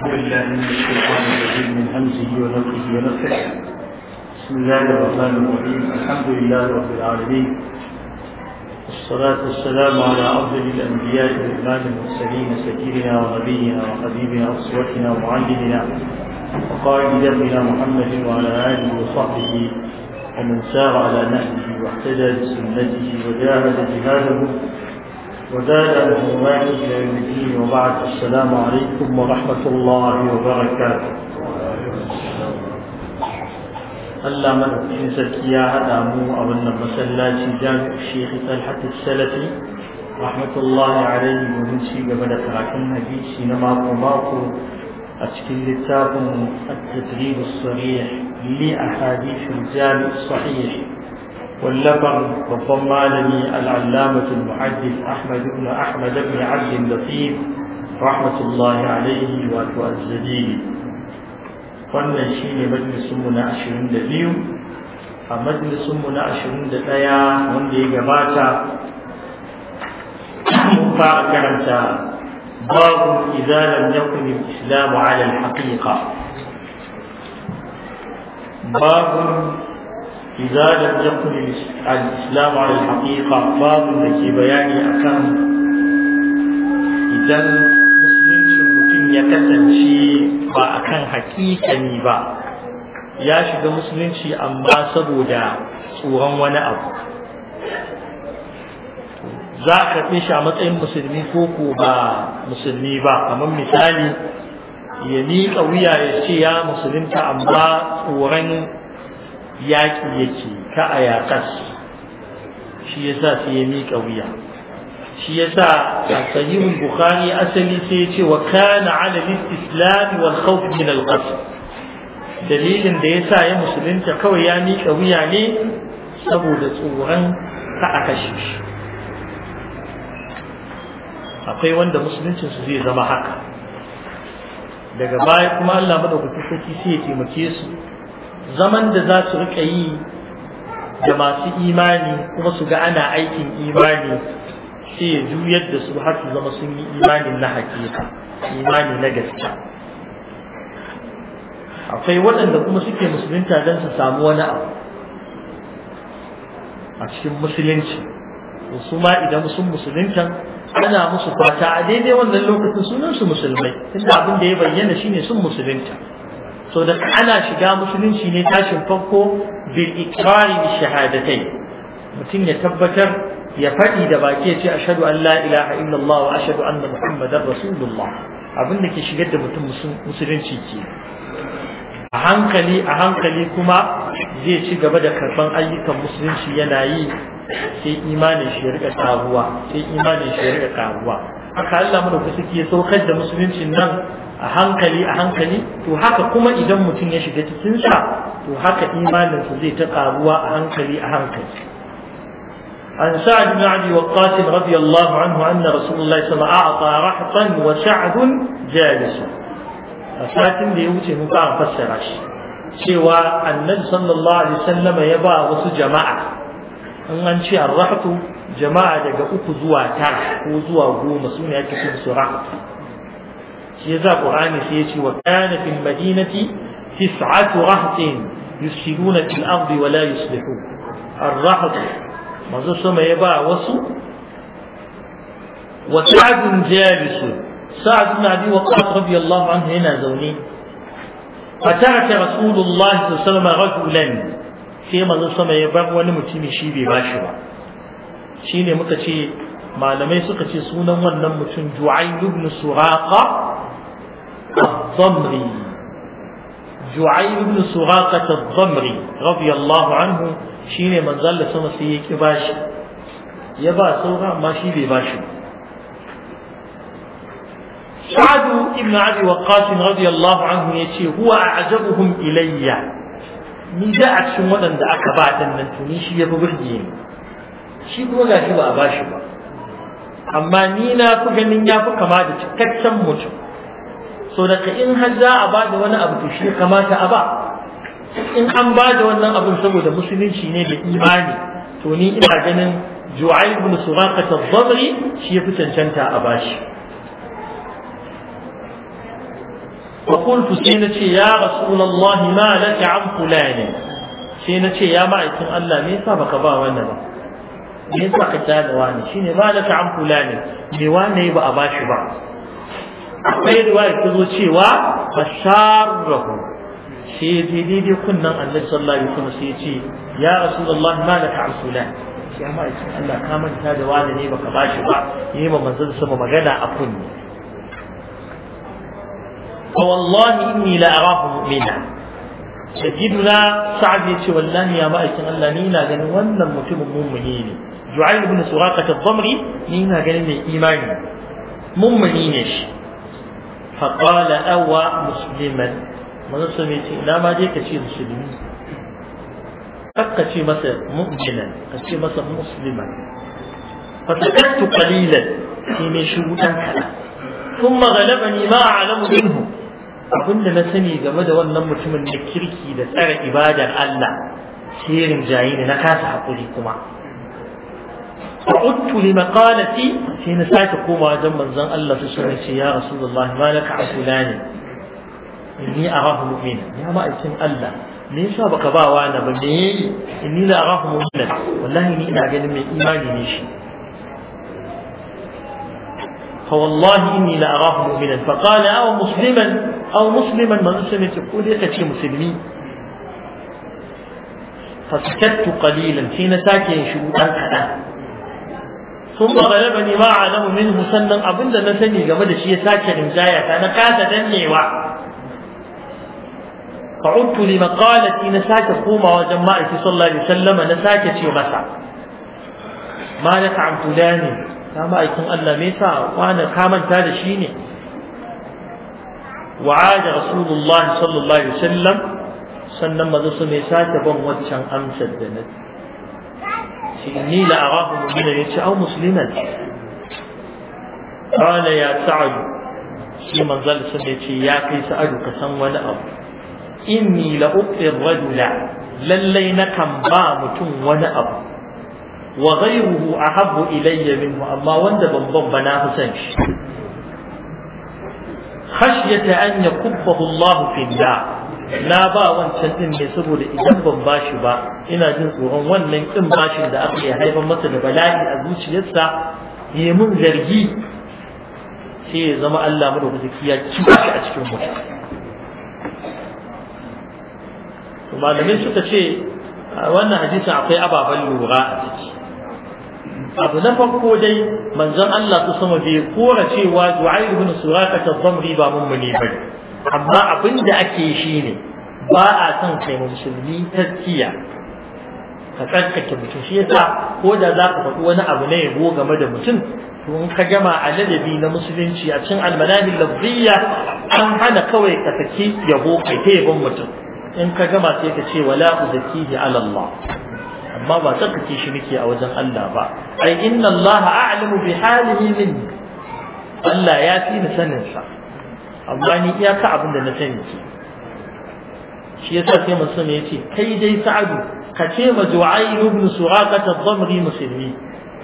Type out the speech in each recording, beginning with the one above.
بسم الله الرحمن الرحيم الحمد لله رب العالمين والصلاة والسلام على أفضل الأنبياء والإمام المرسلين سيدنا ونبينا وحبيبنا وأسوتنا ومعلمنا وقائد دمنا محمد وعلى آله وصحبه ومن سار على نهجه واهتدى بسنته وجاهد جهاده وزاد مالك إلى وبعد السلام عليكم ورحمة الله وبركاته الله من ينسك يا أدامو أو أن مسلاتي جامع الشيخ طلحة السلفي رحمة الله عليه ومن شيء قبل تراكم حديثي سينما ماكو أشكل التابم التدريب الصريح لأحاديث الجامع الصحيح wallafar babban malami al'allamatul muhaddis ahmad ibn ahmad ibn abd latif rahmatullahi alaihi wato azzalili wannan shine majalisun mu na 22 a majalisun mu na 21 wanda ya gabata mun fara karanta babu idza lam yakun al babu إذا لم يكن الإسلام على الحقيقة باب ya kasance ba a kan hakikani ba ya shiga musulunci amma saboda tsoron wani abu za a karɓe shi a matsayin musulmi ko ko ba musulmi ba kamar misali ya miƙa wuya ya ce ya musulunta amma tsoron yaƙi yake ka a yaƙas shi yasa sai ya miƙa wuya shi yasa a sahihul bukhari asali sai ya ce wa kana ala islam wal khawf min al dalilin da ya sa ya musulunta kawai ya mika wuya ne saboda tsoron ka a kashe shi akwai wanda musuluncin su zai zama haka daga baya kuma Allah madaukaki sarki sai ya taimake su zaman da za su rika yi da masu imani kuma su ga ana aikin imani sai ya juyar da su har su zama sun yi imani na hakika imani na gaske akwai waɗanda kuma suke musulunta don su samu wani abu a cikin musulunci su ma idan sun musulunta ana musu fata a daidai wannan lokacin sunan su musulmai tunda abin da ya bayyana shine sun musulunta so da ana shiga musulunci ne tashin farko bil ikrari bi shahadatai mutum ya tabbatar ya faɗi da baki ya ce ashhadu an la ilaha illallah wa ashhadu anna muhammadar rasulullah abin da ke shigar da mutum musulunci ke a hankali a hankali kuma zai ci gaba da karban ayyukan musulunci yana yi sai imanin shi ya rika karuwa sai imanin shi ya rika karuwa haka Allah mu da kusa saukar da musuluncin nan a hankali a hankali to haka kuma idan mutum ya shiga cikinsa to haka imaninsa zai ta karuwa a hankali a hankali عن سعد بن أبي وقاص رضي الله عنه أن رسول الله صلى الله عليه وسلم أعطى رحطا وسعد جالس أساتن دي يوتي مقام فسرش سوى النبي صلى الله عليه وسلم يبا وسو جماعة أن أنشي الرحط جماعة دقا أكو زوا ترح وزوا قوم سوني أكتب سرحط shi yasa qur'ani sai ya ce wa kana fil madinati tis'atu rahtin yusiluna fil ardi wa la yuslihu ar-rahat manzo sama ya ba wasu wa sa'dun jalisun sa'd ibn abi waqqas radiyallahu anhu yana zaune فترك رسول الله صلى الله عليه وسلم رجلا sai manzon sama ya bar wani mutumi shi bai Shi ba shine muka ce malamai suka ce sunan wannan mutum Ju'ay ibn Suraqa الضمري جعير بن سراقة الضمري رضي الله عنه شيني من ظل سما سيكي باشي يبا سورة ما شيبي باشي سعد بن ابي وقاص رضي الله عنه يتي هو اعجبهم الي ni da a cikin waɗanda aka ba ɗan nan to shi ya fi burge ni shi kuma ga shi ba a ba shi ba amma ni na fi ganin ya fi kama da cikakken mutum so daga in har za a ba da wani abu to shi kamata a ba in an ba da wannan abin saboda musulunci ne da imani to ni ina ganin ju'ai ibn suraka tadhri shi ya fi cancanta a bashi wa qultu sai na ce ya rasulullah ma laka an fulani sai na ce ya ma'aikin Allah me yasa baka ba wannan ba me yasa ka tada wani shine ma laka an fulani me wani ba a bashi ba akwai riwaya ta zo cewa fasharrahu sai ya je kunnan annabi sallallahu alaihi wasallam sai ya ce ya rasulullahi ma laka an fulan amma ya ce Allah ka manta da wani ne baka bashi ba yayi ma manzon sama magana a kunni fa wallahi inni la arahu mu'mina سيدنا ni يتي والله يا مائك الله نينا غني وانا متم مؤمنين جعيل بن سراقة الضمري نينا غني من ne shi. فقال أوى مسلما manzon sun ce ina ma je ka ce musulmi ka ce masa mu'minan ka ce masa musliman fa sakattu qalilan sai mai shiru dan kada kuma galabani ma a'lamu minhu abinda na sani game da wannan mutumin da kirki da tsare ibadar Allah sirrin jayi ne na kasa hakuri kuma فعدت لمقالتي في نساك كوما جنبا زن الله سسوني يا رسول الله ما لك عن فلان إني أراه مؤمنا يا ما إتم الله ليس بك باوا أنا بني إني لا أراه مؤمنا والله إني إنا جنب من إيماني نيشي فوالله إني لا أراه مؤمنا فقال أو مسلما أو مسلما من مسلم تقول يكتش مسلمين فسكت قليلا حين ساكن شروطا كذا sun magalaba ne ba a lamu min sannan abinda na sani game da shi ya sake rinjaya ta na kasa dannewa fa'udtu li maqalati na sake koma wajen ma'aiki sallallahu alaihi wasallama na sake ce masa ma na ta'amtu ne, ta ma'aikin Allah me yasa wani ka manta da shi ne wa'ada rasulullahi sallallahu alaihi wasallam sannan mazo su me sake ban waccan amsar da na إني لأراه مؤمنا يتي أو مسلما قال يا سعد في منزل سنة يا كي سعد كسن ولا إني لأطئ الرجل للي نكم بامت ولا أبو وغيره أحب إلي منه أما وند بنضم بناه سنش خشية أن يكبه الله في النار na ba wancan din ne saboda idan ban bashi ba ina jin tsoron wannan kin bashin da aka yi haifar masa da bala'i a zuciyarsa ya mun zargi sai ya zama Allah mu da kuzuki ya kiwa a cikin mu malamin suka ce wannan hadisin akwai ababen lura a ciki abu na farko dai manzon Allah su sama bai kora cewa Zu'ayr ibn Suraqah az-Zamri mun mummuni bane amma abin da ake shi ne ba a son kai musulmi taskiya ka tsarkake mutum shi yasa ko da za ka faɗi wani abu na yabo game da mutum to in ka gama a ladabi na musulunci a cikin almanahin lafziya an hana kawai ka saki yabo kai ta yabon mutum in ka gama sai ka ce wala uzakihi ala Allah amma ba tsarkake shi nake a wajen Allah ba ai inna Allah a'lamu bi halihi min Allah ya fi ni sanin sa amma ni iyaka abin da na sani ce. shi yasa sai musulmi ya ce kai dai sa'adu ka ce ma ju'ayl ibn suraka ta musulmi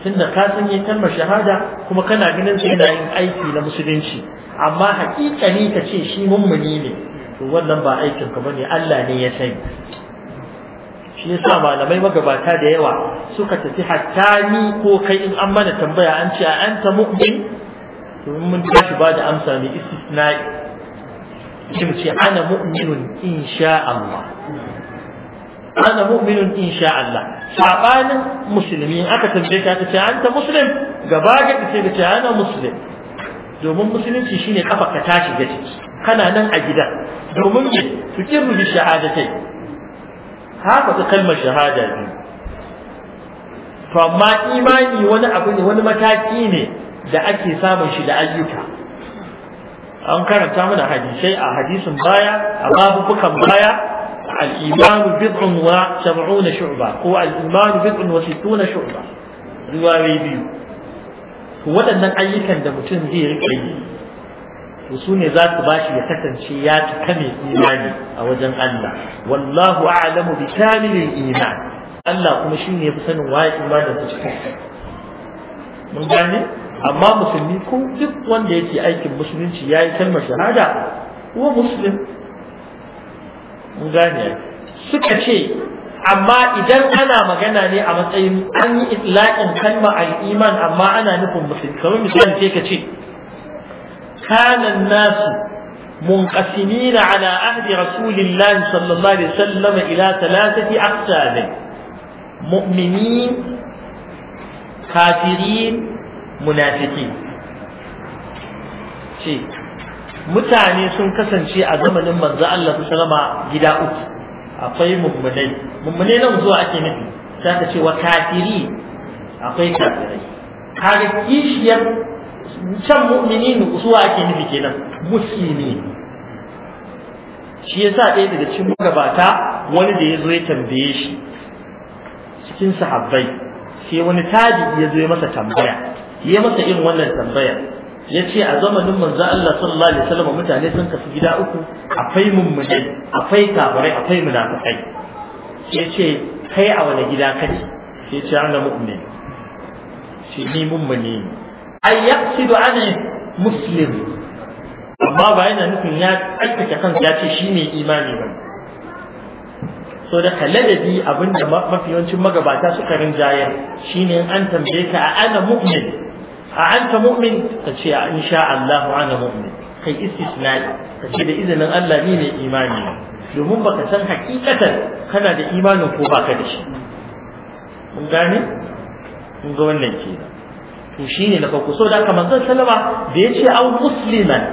tunda ka san yi kalmar shahada kuma kana ganin sai yana yin aiki na musulunci amma haƙiƙani ka ce shi mummuni ne to wannan ba aikin ka bane Allah ne ya sani shi yasa malamai magabata da yawa suka tafi hatta ni ko kai in an mana tambaya an ce anta mu'min to in mun tashi ba da amsa mai istisna'i shi ce ana mu'minun insha Allah ana mu'minun insha Allah sabanin musulmi aka tambaye ka ta ce an ta muslim gaba ga ce ka ce ana muslim domin musulunci shine kafa ka tashi ga ciki kana nan a gida domin su tukiru bi shahadatai haka ta kalmar shahada biyu to amma imani wani abu ne wani mataki ne da ake samun shi da ayyuka an karanta mana hadisai a hadisin baya a babukan baya a imanu bid'un wa sab'una shu'ba ko al-imanu bid'un wa sittuna shu'ba riwayoyi biyu waɗannan ayyukan da mutum zai rike yi to su za su bashi ya kasance ya cika mai imani a wajen Allah wallahu a'lamu bi kamilil iman Allah kuma shine ya fi sanin wa imanin da mun gane amma musulmi ko duk wanda yake aikin musulunci ya yi kalmar shahada wa musulun. mun gane suka ce amma idan ana magana ne a matsayin an yi itlaqin kalma al-iman amma ana nufin musulmi kamar misali sai ka ce kana nasu منقسمين على عهد رسول الله صلى الله عليه وسلم إلى ثلاثة أقسام مؤمنين كافرين munafiki ce mutane sun kasance a zamanin manzo Allah su sallama gida uku akwai mummunai mummunai nan zuwa ake nufi sai ka ce wa kafiri akwai kafirai kaga kishiyar can mu'minin zuwa ake nufi kenan muslimi shi yasa ɗaya daga cikin magabata wani da ya zo ya tambaye shi cikin sahabbai sai wani tabi ya zo ya masa tambaya Yi masa yin wannan tambaya ya ce a zamanin manzo Allah sallallahu alaihi wasallam mutane sun kasu gida uku akwai mummunai akwai kafirai akwai munafikai ya ce kai a wani gida kake ya ce ana mu'min shi ni mummuni ne ay yaqsidu an muslim amma ba yana nufin ya aikata kansa ya ce shi ne imani ba so da kaladabi abinda mafi yawancin magabata suka rinjayar shine an tambaye ka a ana mu'min a anta mu'min ka ce in sha ana mu'min kai istisnai ka ce da izinin Allah ni ne imani domin baka san hakikatan kana da imanin ko baka da shi mun gane mun ga wannan kenan to shine na farko so da haka manzon sallama da yace au musliman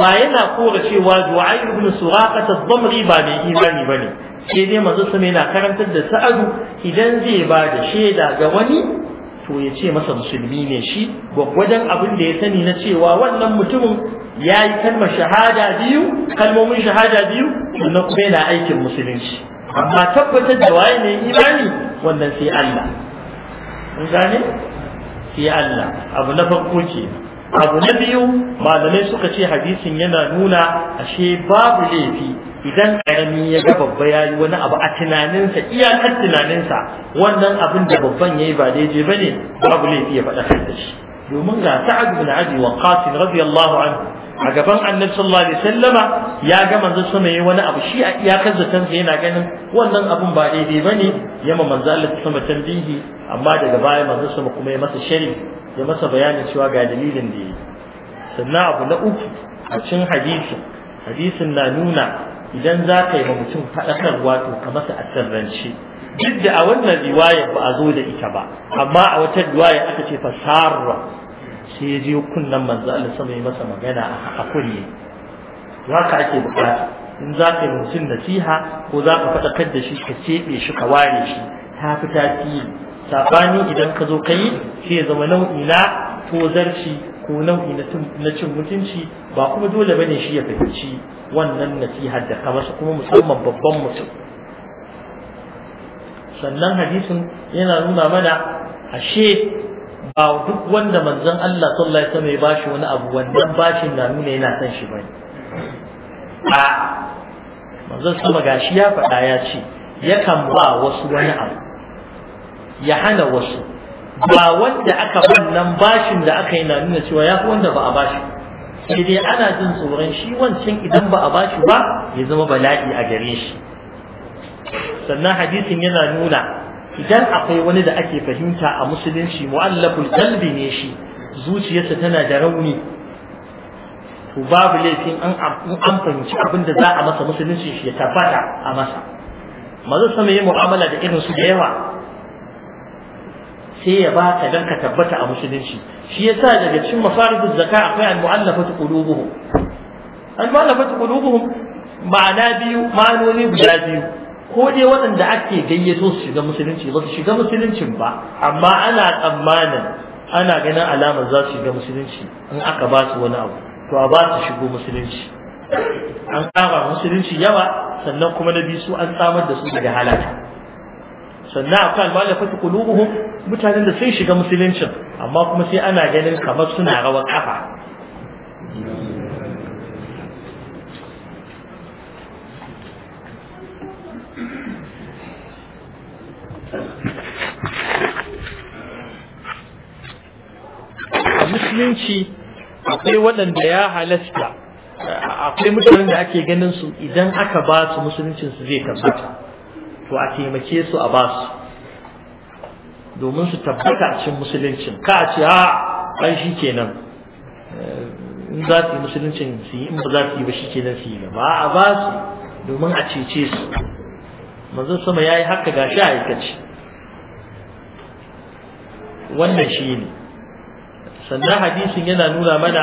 ba yana kora cewa du'ai ibn suraqat ad-damri ba mai imani ba ne, sai dai manzo sama yana karantar da sa'adu idan zai ba da shaida ga wani to ya ce masa musulmi ne shi gwaggwajen abin da ya sani na cewa wannan mutumin ya yi kalmar shahada biyu kalmomin shahada biyu sannan kuma yana aikin musulunci amma tabbatar da waye ne imani wannan sai Allah mun gane sai Allah abu na farko ke abu na biyu malamai suka ce hadisin yana nuna ashe babu laifi idan karami ya ga babba ya yi wani abu a tunaninsa iyakar tunaninsa wannan abin da babban ya yi ba daidai ba ne babu laifi ya faɗa da shi domin ga sa'ad bin abi waqas radiyallahu anhu a gaban annabi sallallahu alaihi wasallama ya ga manzo sama wani abu shi a iyakar zatansa yana ganin wannan abun ba daidai bane ya manzo Allah sama tambihi amma daga baya manzo sama kuma ya masa shari ya masa bayanin cewa ga dalilin da yi sannan abu na uku a cikin hadisi hadisin na nuna idan za ka yi ma mutum faɗakarwa to ka masa a sirrance duk da a wannan riwayar ba a zo da ita ba amma a wata riwaya aka ce fasarra sai ya je kunnan manzo Allah sama yi masa magana a kunne za ka ake bukata in za ka yi mutum nasiha ko za ka faɗakar da shi ka keɓe shi ka ware shi ta fi tasiri sabani idan ka zo ka yi sai ya zama nau'i na tozarci ko nau'i na cin mutunci ba kuma dole bane shi ya fahimci wannan nasiha da ka masa kuma musamman babban mutum sannan hadisin yana nuna mana ashe ba duk wanda manzon Allah sallallahu alaihi wasallam ya bashi wani abu wannan bashin na nuna yana son shi bane a manzon sama gashi ya faɗa ya ce yakan ba wasu wani abu ya hana wasu ba wanda aka wannan bashin da aka yi na nuna cewa ya fi wanda ba a bashi sai dai ana jin tsoron shi wancan idan ba a bashi ba ya zama bala'i a gare shi sannan hadisin yana nuna idan akwai wani da ake fahimta a musulunci mu'allaful qalbi ne shi zuciyarsa tana da rauni to babu laifin an an fahimci abin da za a masa musulunci shi ya tabbata a masa maza sama yi mu'amala da irin su da yawa sai ya baka dan ka tabbata a musulunci shi yasa daga cikin mafaridul zaka akwai al-mu'allafatu qulubuhum al-mu'allafatu qulubuhum ma'ana biyu ma'anoni guda biyu ko dai waɗanda ake gayyato su shiga musulunci ba su shiga musuluncin ba amma ana tsammanin ana ganin alamar za su shiga musulunci in aka ba su wani abu to a ba su shigo musulunci an kama musulunci yawa sannan kuma na biyu su an samar da su daga halaka sannan akwai almalafatu qulubuhum mutanen da sai shiga musuluncin amma kuma sai ana ganin kamar suna rawa kafa musulunci akwai waɗanda ya halasta akwai mutanen da ake ganin su idan aka ba su su zai tabbata to a taimake su a basu domin su tabbata a cikin musuluncin ka a ce a ɗan shi kenan eh, in za su yi musuluncin su yi in ba za su yi ba shi kenan su yi ba a basu domin a cece su manzon sama ya yi haka gashi a aikace wannan shi ne sannan hadisin yana nuna mana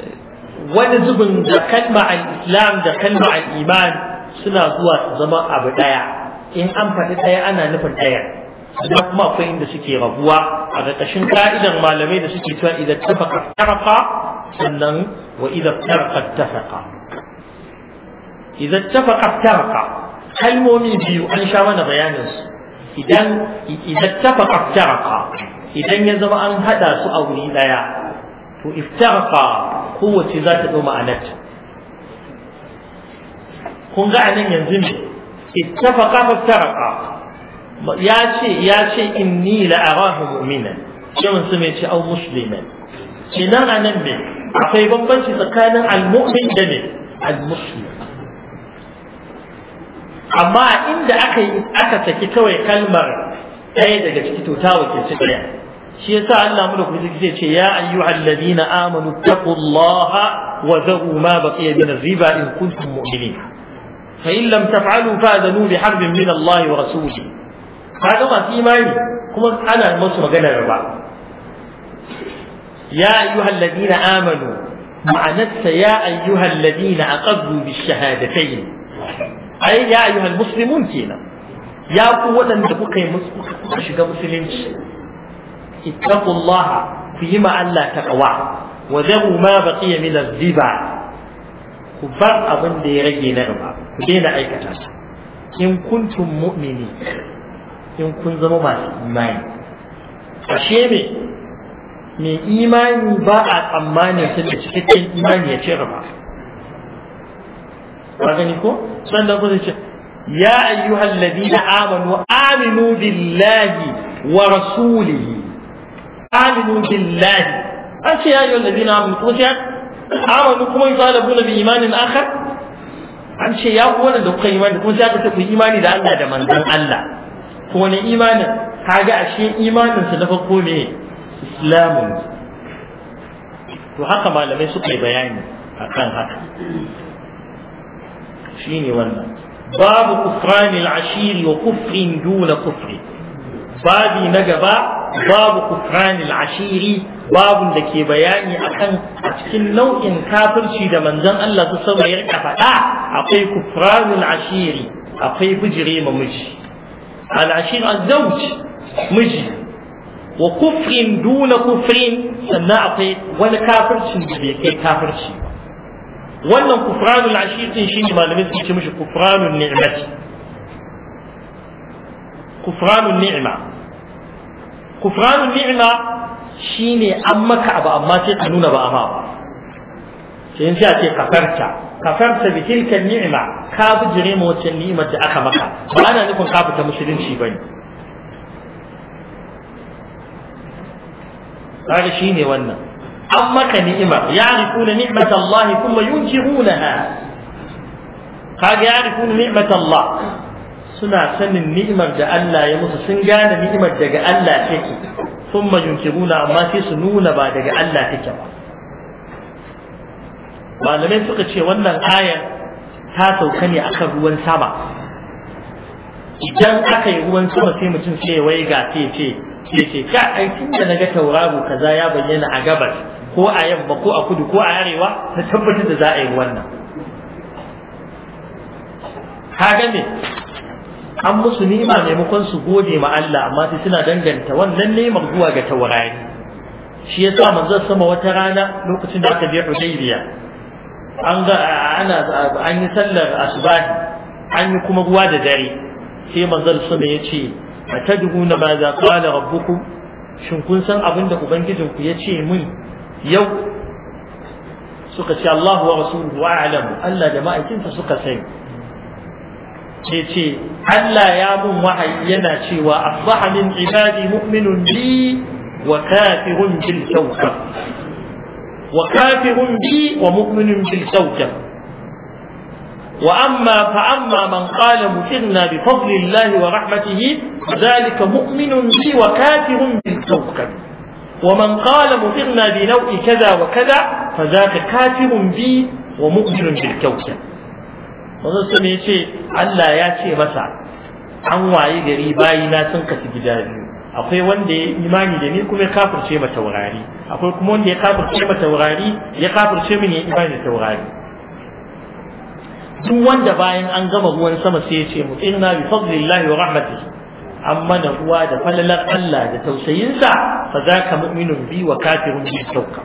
eh, wani zubin da kalma al-islam da kalma al-iman suna zuwa su zama abu ɗaya in an faɗi ɗaya ana nufin ɗaya da kuma akwai inda suke rabuwa a ƙarƙashin ka'idar malamai da suke cewa idan tafaka tarfa sannan wa idan tarfa tafaka idan tafaka tarfa kalmomi biyu an sha mana bayanin su idan idan tafaka tarfa idan ya zama an haɗa su a wuri ɗaya to iftarqa kowace za ta ɗau ma'anar. kun ga anan yanzu ne ittafaqa faftaraqa ya ce ya ce inni la arahu mu'minan sai mutum ya ce au musliman kenan anan me akwai bambanci tsakanin al-mu'min da ne al-muslim amma inda aka yi aka saki kawai kalmar ɗaya daga ciki to ta wakilci ɗaya shi yasa Allah mu da kuma zai ce ya ayyuhal ladina amanu taqullaha wa zaru ma baqiya min riba in kuntum mu'minin فإن لم تفعلوا فأذنوا بحرب من الله ورسوله هذا ما في إيماني كما أنا مصر قال ربع يا أيها الذين آمنوا نفس يا أيها الذين أقروا بالشهادتين أي يا أيها المسلمون كينا يا قوة تبقى مسلمين اتقوا الله فيما ألا تقوى وذروا ما بقي من الذبا ku bar abin da ya rage na riba ku daina aikata shi in kuntum mu'mini in kun zama masu imani ashe me mai imani ba a tsammani tun da cikakken imani ya ce riba ba gani ko sannan kuma ce يا أيها الذين آمنوا آمنوا بالله ورسوله آمنوا بالله أشياء أيها الذين آمنوا amanu kuma yuzalabuna bi imanin akhar an ce ya ku da kuka imani kuma sai aka ku imani da Allah da manzon Allah ko wani imanin kaga ashe imanin su na farko ne islamun to haka malamai suka yi bayani akan haka shine wannan babu kufranil ashiri wa kufrin duna kufri babi na gaba babu kufranil ashiri babun da ke bayani akan a cikin nau'in kafirci da manzon Allah ta sama ya rika faɗa akwai kufranil ashiri akwai bijire ma miji al ashir azwaj miji wa kufrin duna kufrin sannan akwai wani kafircin da bai kai kafirci ba wannan kufranul ashir din shine malamai suke ce mishi kufranul ni'mati kufranul ni'ma kufranun ni'ima shine an maka abu amma sai ka nuna ba amma ba sai sai a ce kafarta kafarta bi tilka ni'ima ka bijire mu wacce ni'imar da aka maka ba ana nufin ka fita musulunci bane kaga shine wannan an maka ni'ima ya'rifuna ni'mat Allah kuma yunkirunaha kaga ya'rifuna ni'mat Allah suna sanin ni'imar da Allah ya musu sun gane ni'imar daga Allah take sun majunkiruna amma sai su nuna ba daga Allah take ba malamai suka ce wannan ayar ta sauka ne a kan ruwan sama idan aka yi ruwan sama sai mutum sai ya waiga sai ce sai ce ka ai tun da naga tauraro kaza ya bayyana a gabas ko a yamma ko a kudu ko a arewa ta tabbatar da za a yi wannan ka gane. an musu nima maimakon su gode ma Allah amma sai suna danganta wannan nemar zuwa ga taurari shi yasa manzo sama wata rana lokacin da aka je Hudaybiya an ga ana an yi sallar asubahi an yi kuma ruwa da dare sai manzo sama ya ce atadhuna ma za qala rabbukum shin kun san abin da ubangijin ya ce min yau suka ce Allahu wa rasuluhu a'lamu Allah da ma'aikinsa suka sani ce ce Allah ya mun wahayi yana cewa asbaha min ibadi mu'minun bi wa kafirun bil kawkab wa kafirun bi wa mu'minun bil kawkab wa amma fa amma man qala mutirna bi fadlillahi wa rahmatihi ذلك مؤمن بي وكافر بالكوكب ومن قال مطرنا بنوء كذا وكذا فذاك كافر بي ومؤمن بالكوكب wanzu su ne ce Allah ya ce masa an waye gari bayi na sun kasu gida biyu akwai wanda ya imani da ni kuma ya kafirce ma taurari akwai kuma wanda ya kafirce ma taurari ya kafirce min ya imani da taurari duk wanda bayan an gama ruwan sama sai ya ce mu inna bi fadlillahi wa rahmatihi amma da uwa da falalar Allah da tausayinsa fa zaka mu'minun bi wa kafirun bi sauka.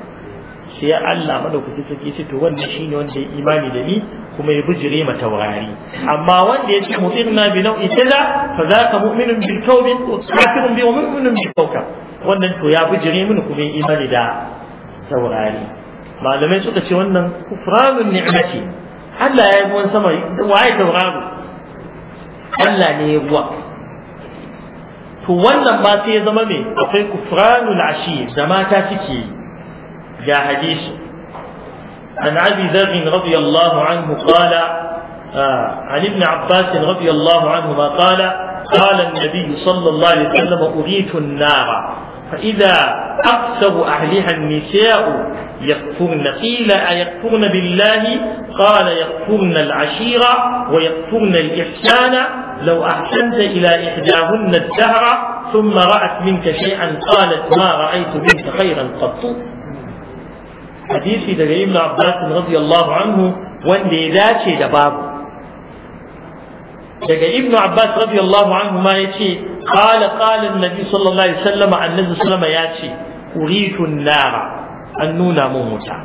sai Allah madaukaki sarki shi to wannan shine wanda ya imani da ni kuma ya bijire ma taurari amma wanda ya ce mutirna bi nau'i kaza fa zaka mu'minun bil kawbi kafirun bi mu'minun bil kawka wannan to ya bijire mini kuma ya imani da taurari malamai suka ce wannan kufranun ni'mati Allah ya yi ruwan sama waye tauraro Allah ne ya ruwa to wannan ba sai ya zama me akwai kufranul ashi da mata suke yi جاء حديث عن أبي ذر رضي الله عنه قال آه، عن ابن عباس رضي الله عنهما قال قال النبي صلى الله عليه وسلم أريت النار فإذا أكثر أهلها النساء يكفرن قيل أيكفرن بالله قال يكفرن العشيرة ويكفرن الإحسان لو أحسنت إلى إحداهن الدهر ثم رأت منك شيئا قالت ما رأيت منك خيرا قط hadisi daga ibn abbas radiyallahu anhu wanda ya dace da babu daga ibn abbas radiyallahu anhu ma yace qala qala annabi sallallahu alaihi wasallam annabi sallama ce, uritu nara an nuna mun wuta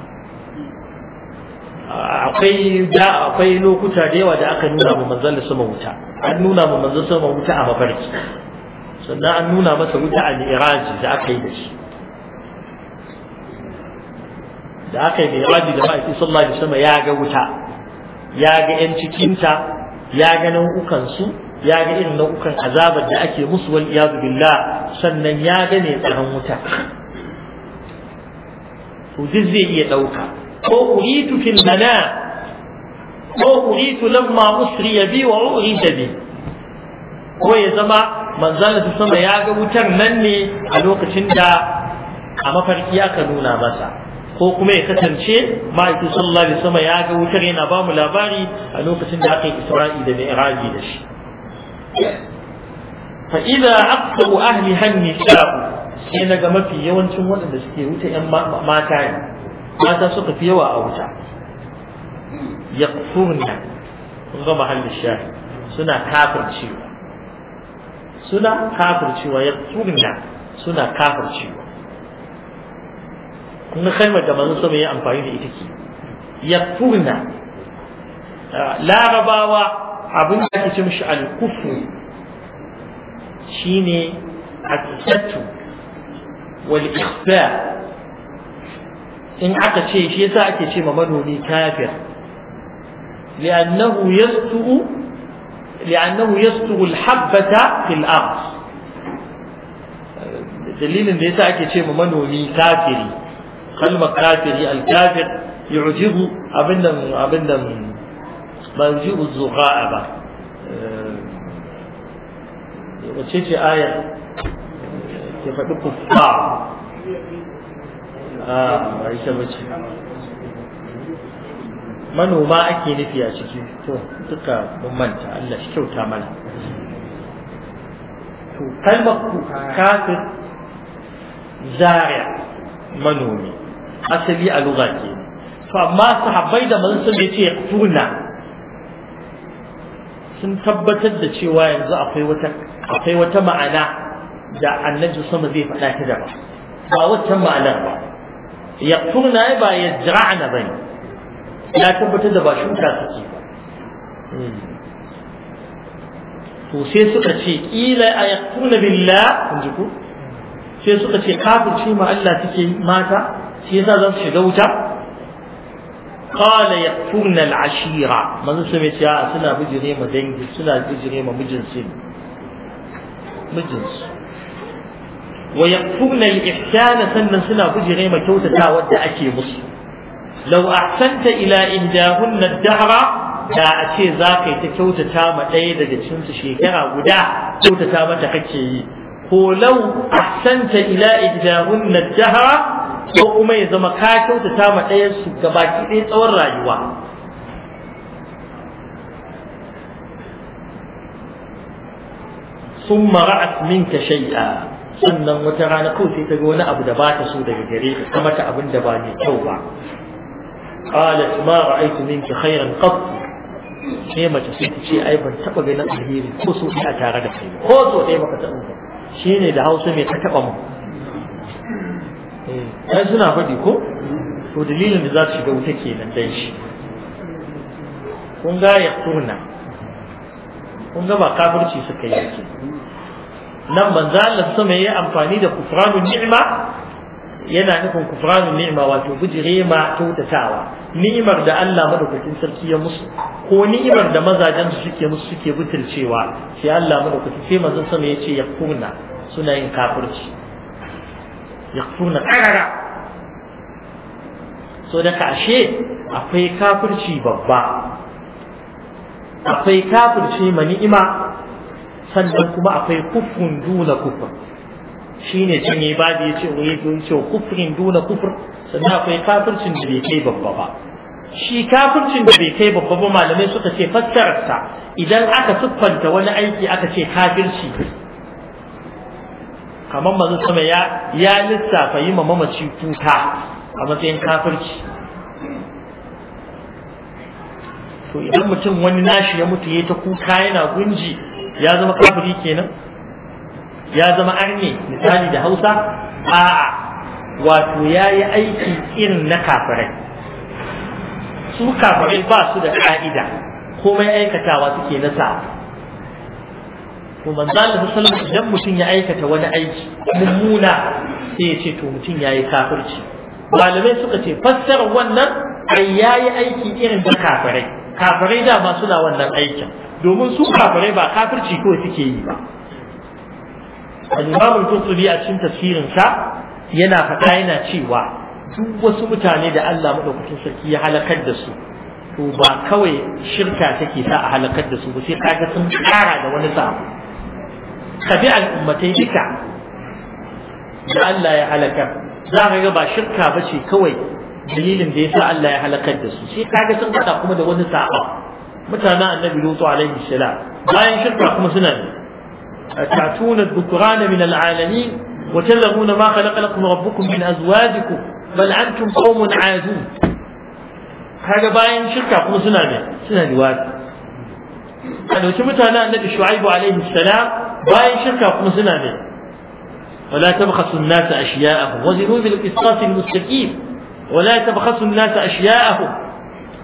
akwai da akwai lokuta da yawa da aka nuna mu manzon sama wuta an nuna mu manzon sama wuta a mafarki sannan an nuna masa wuta a mi'raji da aka yi da shi da aka yi miraji da ma'aikin sallallahu da sama ya ga wuta ya ga yan cikinta ya ga nau'ukansu ya ga irin nau'ukan azabar da ake musu wal iyadu billah sannan ya ga ne tsaron wuta to duk zai iya dauka ko uritu fil mana ko uritu lamma ya bi wa urita bi ko ya zama manzana da sama ya ga wutar nan ne a lokacin da a mafarki aka nuna masa ko kuma ya kasance ma'aiki sallallahu alaihi Sama ya ga wutar yana ba mu labari a lokacin da aka yi isra'i da mi'raji da shi fa idza aqtu ahli hanni sha'u sai naga mafi yawancin waɗanda suke wuta yan mata ne mata suka fi yawa a wuta yaqfurna kun ga mahallin shahi suna kafircewa suna kafircewa yaqfurna suna kafircewa na kalmar da manzon sama ya amfani da ita ke furna. Ah, larabawa abin da ake ce mishi al-kufru shine al-sattu wal ikhfa in aka ce shi yasa ake ce ma manomi kafir li'annahu yasturu li'annahu yasturu al fil ard ah, dalilin da yasa ake ce ma manomi kafiri kalmar kafiri alkafir yu'jibu abinda abinda ban ji uzuqa ba eh, wace ce ayar eh, ke faɗi kuffa a ah, aisha bace manoma ake nufi a ciki to duka mun manta Allah kyauta mana kafir zariya manomi asali a lugha ke to amma sahabbai da manzon yace yaqfuna sun tabbatar da cewa yanzu akwai wata akwai wata ma'ana da annabi sama zai faɗa ta da ba ba wata ma'anar ba Ya yaqfuna ba yajra'na bane ya tabbatar da ba shuka suke ba hmm. to sai suka ce ya ayaqtuna billah kun ji ku sai suka ce ce ma Allah suke mata shi yasa za su shiga wuta qala yakfurna al-ashira manzo sai ya ce suna bijire ma dangi suna bijire ma mijinsu mijinsu wa yakfurna al-ihsana sannan suna bijire ma kyautata wadda ake musu law ahsanta ila ihdahunna ad-dahra da a ce za ka yi ta kyautata ma ɗaya daga cinsu shekara guda kyautata mata kake yi ko lau ahsanta ila ihdahunna ad-dahra ko kuma ya zama ka kyautata ma ɗayan su gabaki ɗaya tsawon rayuwa sun mara'at minka shay'a sannan wata rana kawai sai ta ga wani abu da ba ta so daga gare ka ta mata abin da ba mai kyau ba qalat ma ra'aytu minki khairan qat sai mace sai ta ce ai ban taba ganin alheri ko so a tare da kai ko so ɗaya baka taɓa shine da Hausa mai ta taɓa mu ai suna faɗi ko to dalilin da za su shiga wuta nan dai shi kun ga ya kurna kun ga ba kafirci suka yi ke nan banza Allah sama yayi amfani da kufranun ni'ima yana nufin kufranun ni'ima wato bujire ma kyautatawa ni'imar da Allah madaukakin sarki ya musu ko ni'imar da mazajen su suke musu suke butulcewa sai Allah madaukakin sai manzon sama yace ya kuna suna yin kafirci yaqtuna qarara so da ashe akwai kafirci babba akwai kafirci mani ima, sannan kuma akwai kufrun duna kufur shine can yi babu yace wai don ce kufrin duna kufur sannan akwai kafircin da bai kai babba ba shi kafircin da bai kai babba ba malamai suka ce fassararsa idan aka siffanta wani aiki aka ce kafirci kamar manzo sama ya ya lissafa yi mamaci kuka a matsayin kafirci to idan mutum wani nashi ya mutu ya ta kuka yana gunji ya zama kafiri kenan ya zama arne misali da hausa a'a wato ya yi aiki irin na kafirai su kafirai ba su da ka'ida komai aikatawa suke na sa'a to manzo Allah sallallahu idan mutum ya aikata wani aiki mummuna sai ya ce to mutum yayi kafirci malamai suka ce fassara wannan ai yayi aiki irin da kafirai kafirai da ba suna wannan aikin domin su kafirai ba kafirci kawai suke yi ba al-imam al-qurtubi a cikin tafsirin sa yana faɗa yana cewa duk wasu mutane da Allah madaukakin sarki ya halakar da su to ba kawai shirka take sa a halakar da su ba sai kaga sun kara da wani sabo ka bi al'ummatai duka da Allah ya halaka za ka ga ba shirka ba ce kawai dalilin da ya sa Allah ya halakar da su sai kaga sun faɗa kuma da wani sa'a mutanen annabi lutu alaihi salam bayan shirka kuma suna tatuna dhukrana min al'alamin wa talahuna ma khalaqa lakum rabbukum min azwajikum bal antum qaumun adun kaga bayan shirka kuma suna ne suna liwati a dauki mutanen annabi shu'aibu alaihi salam bayan shirka kuma suna ne ولا تبخسوا الناس أشياءهم وزنوا بالقسطاس المستقيم ولا تبخسوا الناس أشياءهم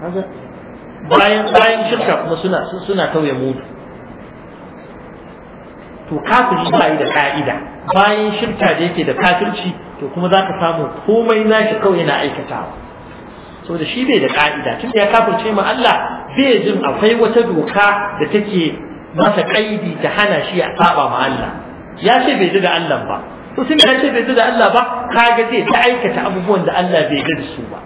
هذا bayan bayan shirka kuma suna suna kauye mudu to kafiri ba yi da ka'ida bayan shirka da yake da kafirci to kuma za ka samu komai nashi kawai yana aikatawa saboda shi bai da ka'ida tun ya kafirce ma Allah bai jin akwai wata doka da take masa kaidi ta hana shi a saba ma Allah ya ce bai ji da Allah ba to sun ya ce bai ji da Allah ba kaga zai ta aikata abubuwan da Allah bai ji da su ba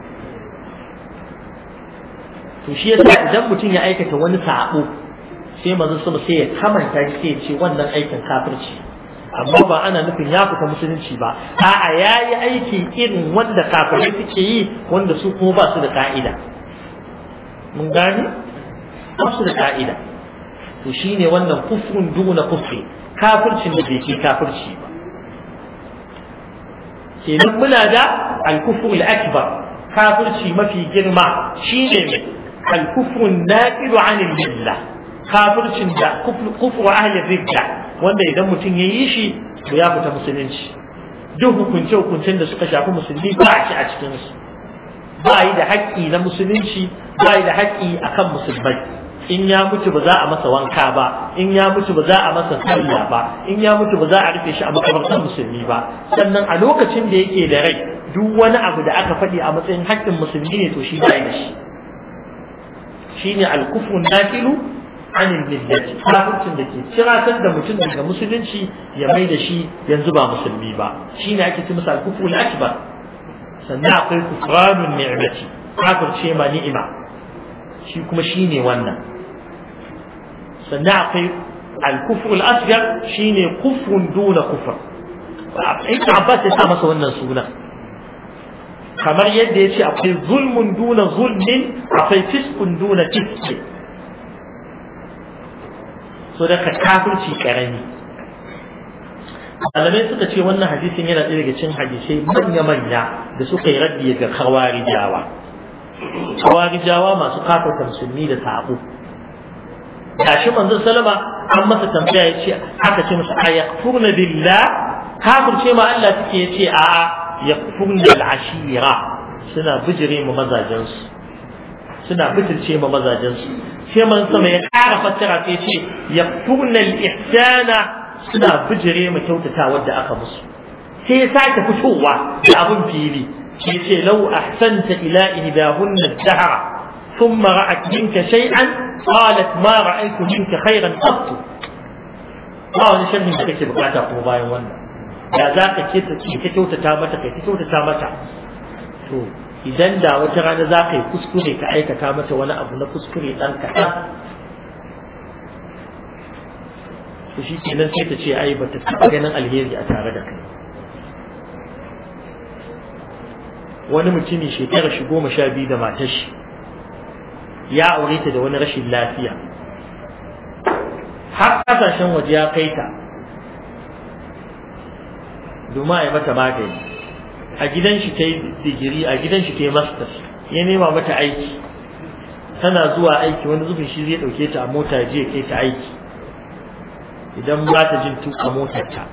to shi yasa idan mutum ya aikata wani sabo sai manzo sama sai ya kamanta shi sai ce wannan aikin kafirci amma ba ana nufin ya fita musulunci ba a'a yayi aiki irin wanda kafirai suke yi wanda su kuma ba su da ka'ida mun gani? ba su da ka'ida to ne wannan kufrun duna kufri kafircin da bai ke kafirci ba kenan muna da al-kufru akbar kafirci mafi girma shine ne al-kufru an-naqidu 'an naqidu an kafircin da kufru ahli ridda wanda idan mutum ya yi shi to ya fita musulunci duk hukunce hukuncen da suka shafi musulmi ba a ci a cikinsu, ba yi da haƙƙi na musulunci ba yi da haƙƙi akan musulmai in ya mutu ba za a masa wanka ba in ya mutu ba za a masa sallah ba in ya mutu ba za a rufe shi a makabartan musulmi ba sannan a lokacin da yake da rai duk wani abu da aka faɗi a matsayin haƙƙin musulmi ne to shi ba ya shi shine al-kufru nafilu anil millati kafircin da ke ciratar da mutum daga musulunci ya mai da shi yanzu ba musulmi ba shine ake ci masa al-kufru akbar sannan akwai kufranun ni'mati kafirce ma ni'ima shi kuma shine wannan sannan akwai al-kufr shine kufrun duna kufr Ibn Abbas ya sa masa wannan suna kamar yadda ya ce akwai zulmun duna zulmin akwai fiskun duna fiske so da ka kafirci karami malamai suka ce wannan hadisin yana ɗaya daga hadisai manya-manya da suka yi rabbi ga kawari jawa kawari jawa masu kafa musulmi da sabo gashi manzo salama an masa tambaya ya ce aka ce masa ayakfurna billah ce ma Allah suke ya ce a'a ya al-ashira suna bijire mu su. suna bitirce ma mazajensu sai man sama ya ƙara fassara sai ce ya kunna ihsana suna bijire ma kyautata da aka musu sai ya sake fitowa da abin fili sai ce law ahsanta ila ihdahunna dahara thumma ra'at minka shay'an قالت ما رأيت منك خيرا قط ba wani sharhin da kake bukata kuma bayan wannan da za ka ce ta kyautata mata kai ta kyautata mata to idan da wata rana za ka yi kuskure ka aikata mata wani abu na kuskure dan kaɗan to shi ke nan sai ta ce ai bata taɓa ganin alheri a tare da kai wani mutumi shekara shi goma sha biyu da matar shi ya aure ta da wani rashin lafiya har kasashen waje ya kai ta domin a yi mata magani a gidan shi ta yi digiri a gidan shi ta yi masters ya nema mata aiki tana zuwa aiki wani zubin shi zai dauke ta a mota je kai ta aiki idan ba ta jin tuka motar ta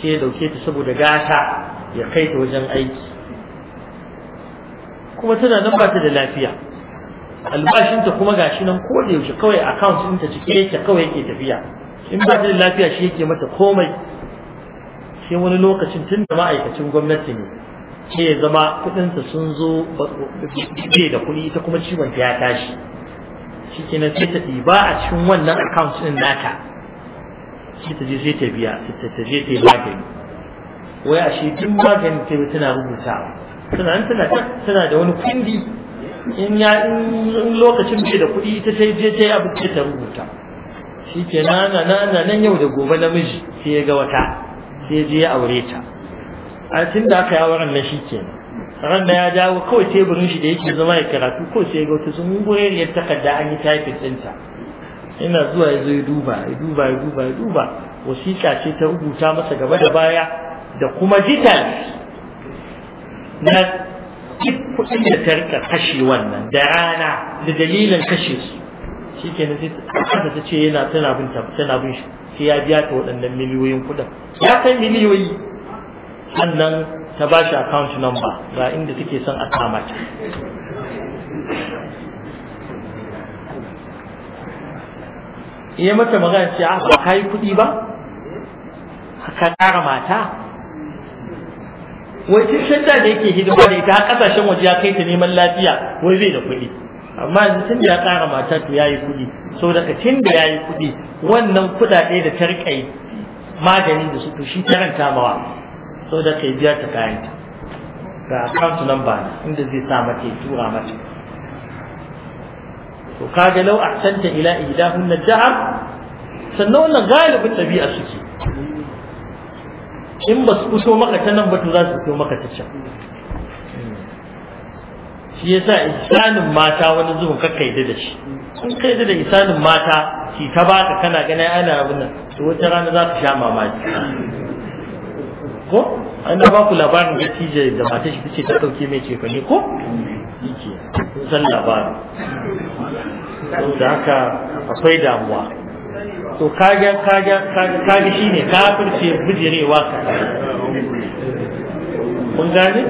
sai dauke ta saboda gata ya kai ta wajen aiki kuma tana nan ba ta da lafiya albashinta kuma gashi nan ko da yaushe kawai account ɗinta cike yake kawai yake tafiya in ba da lafiya shi yake mata komai sai wani lokacin tun da ma'aikacin gwamnati ne sai ya zama kuɗinsa sun zo bai da kuɗi ita kuma ciwon ya tashi shi nan sai ta ɗiba a cikin wannan account ɗin nata sai ta je sai ta biya ta je ta yi magani wai shi duk maganin ta yi tana rubuta tana tana da wani kundi in ya in lokacin bai da kuɗi ita ta je ta yi abin da ta rubuta shi ke nana nana nan yau da gobe namiji sai ya ga wata sai ya je ya aure ta a tun da aka yi auren na shi ke ran da ya dawo kawai teburin shi da yake zama ya karatu ko sai ya ga wata sun gure ya takarda an yi taifin ɗinta ina zuwa ya zo ya duba ya duba ya duba ya duba wasiƙa ce ta rubuta masa gaba da baya da kuma jita na duk kuɗin da ta rika kashe wannan da rana da dalilin kashe su shi kenan sai ta ta ce yana tana bin tafi tana bin shi sai ya biya ta waɗannan miliyoyin kuɗin ya kai miliyoyi sannan ta ba shi account number ba inda take son a kama ta iya mata magana ce a ah, ba kai kuɗi ba ka ƙara mata wai cin shadda da yake hidima da ita har kasashen waje ya kai ta neman lafiya wai zai da kuɗi amma yanzu tun da ya tsara mata to yayi kuɗi so daga tun da yayi kuɗi wannan kuɗaɗe da ta riƙa maganin da su to shi ta ranta mawa so da kai biya ta kayan ta ga account number inda zai sa mata ya tura mata to kaga lau ahsanta ila ihdahunna dahar sannan wannan galibin ɗabi'a suke in ba su fito maka ta nan ba to za su fito maka ta can shi ya sa isanin mata wani zuwa ka da shi sun kai da isanin mata ki ta baka kana gani ana abin nan to wata rana za ka sha mamaki ko an da ba ku labarin da tije da mata shi tace ta dauke mai ce ko yake san labarin da haka akwai damuwa to kage kage kage shine kafirce bijirewa ka kun gane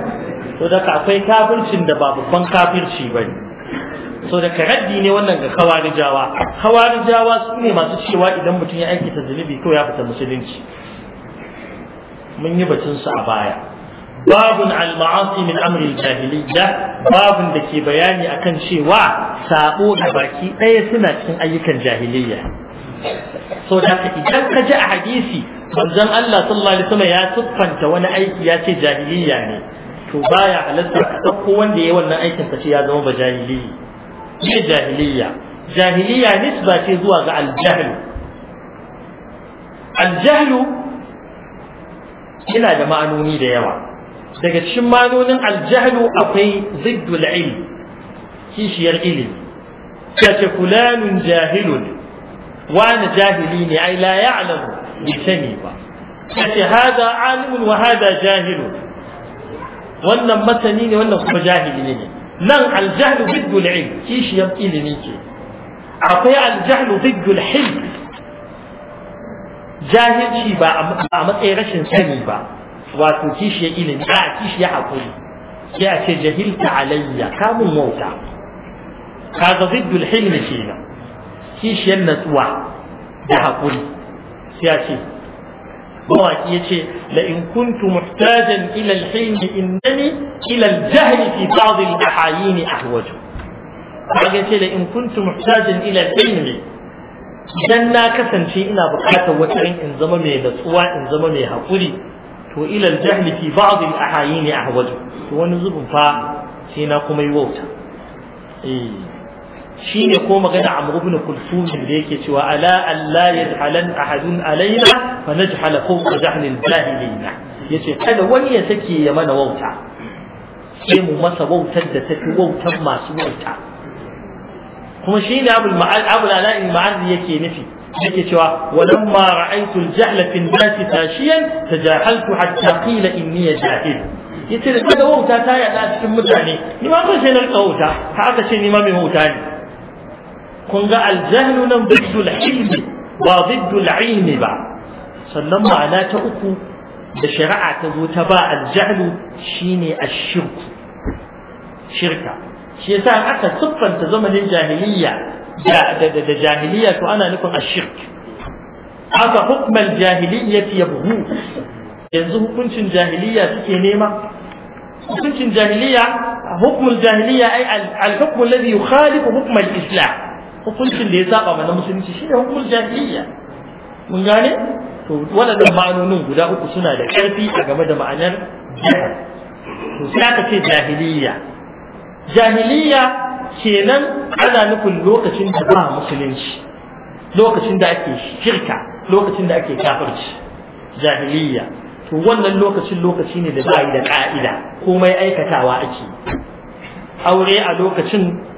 to da akwai kafircin da ba babban kafirci bane so da karaddi ne wannan ga kawarijawa kawarijawa su ne masu cewa idan mutum ya aiki ta zunubi to ya fita musulunci mun yi batun su a baya babun al-ma'asi min amri al-jahiliyya babun da ke bayani akan cewa sabo da baki ɗaya suna cikin ayyukan jahiliyya so da idan ka ji a hadisi manzon Allah sallallahu alaihi wasallam ya tuffanta wani aiki ya ce jahiliya ne to baya halatta ka dauko wanda yayi wannan aikin ka ce ya zama ba jahiliyi ne jahiliya jahiliya nisba ce zuwa ga al-jahl yana da ma'anoni da yawa daga cikin ma'anonin aljahlu akwai ziddul ilm kishiyar ilimi ya ce fulanun jahilun wani jahili ne ai la ya'lamu bi sani ba kace hada alimun wa hada jahilu wannan masani ne wannan kuma jahili ne nan aljahlu biddu ilm kishiyar ilimi ke akwai aljahlu biddu hilm jahilci ba a matsayin rashin sani ba wato kishiyar ilimi a kishiyar hakuri sai a ce jahilta alayya kamun wauta kaga biddu hilm kenan kishiyar natsuwa da haƙuri sai ya ce mawaƙi ya ce la in kuntu muhtajan ila al-hilmi innani ila al-jahli fi ba'd al-ahayin ahwaju kaga ce la in kuntu muhtajan ila al idan na kasance ina buƙatar wata in zama mai natsuwa in zama mai haƙuri to ila al-jahli fi ba'd al-ahayin ahwaju to wani zubin fa sai na kuma yi wauta eh shine ko magana Amr ibn Kulthum da yake cewa ala alla yadhalan ahadun alaina fa najhala fawqa jahl al-jahilina yace kada wani ya sake ya mana wauta sai mu masa wautar da take wautar masu wauta kuma shi ne abul ma'al abul ala'in ma'azi yake nufi yake cewa walamma ra'aytu al-jahla fi an-nas tashiyan tajahaltu hatta qila inni jahil yace da kada wauta ta yada cikin mutane ni ma ban sai na wauta ta aka ce ni ma mai wauta ne kun ga aljahlu nan biddul ilmi ba biddul ilmi ba sannan ma'ana ta uku da shari'a ta zo ta ba aljahlu shine ashirku shirka shi yasa aka siffanta zamanin jahiliyya da jahiliyya to ana nufin ashirk aka hukmal jahiliyyati yabghu yanzu hukuncin jahiliyya suke nema hukuncin jahiliyya hukmul jahiliyya ai al-hukm alladhi yukhalifu hukm al-islam hukuncin da ya saba mana musulunci shine hukuncin jahiliya mun gane to wadannan ma'anonin guda uku suna da ƙarfi a game da ma'anar to sai aka ce jahiliya jahiliya kenan ana nufin lokacin da ba musulunci lokacin da ake shirka lokacin da ake kafirci jahiliya to wannan lokacin lokaci ne da ba yi da ka'ida komai aikatawa ake aure a lokacin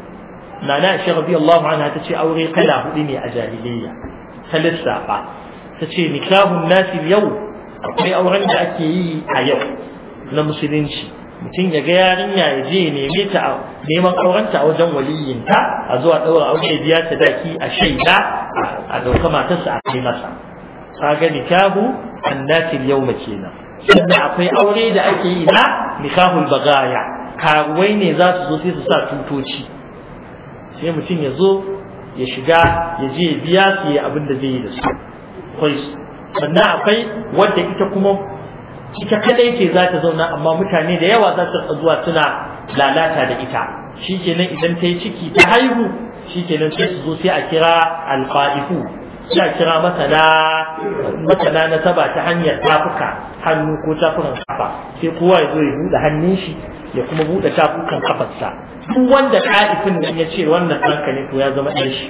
nana shi radiyallahu anha ce aure kala hudu ne a jahiliyya ta lissafa tace nikahun nasi yau akwai auren da ake yi a yau na musulunci mutum ya ga yarinya ya je neme ta neman aurenta a wajen waliyinta a zuwa ɗaura aure biya ta daki a shaida a ɗauka matarsa a kai masa kaga nikahu annati yau kenan sannan akwai aure da ake yi na nikahul bagaya karuwai ne za su zo sai su sa tutoci sai mutum ya zo ya shiga ya je ya biya su ya abin da zai yi da su akwai sannan akwai wadda ita kuma ita kadai ce za ta zauna amma mutane da yawa za su zuwa suna lalata da ita shikenan idan ta yi ciki ta haihu shikenan sai su zo sai a kira alfa'ifu sai a kira masana na saba ta hanyar tafuka hannu ko tafukan kafa sai kowa ya zo ya buɗe hannun shi ya kuma buɗe tafukan kafarsa duk wanda ka'ifin nan ya ce wannan ɗanka ne to ya zama ɗan shi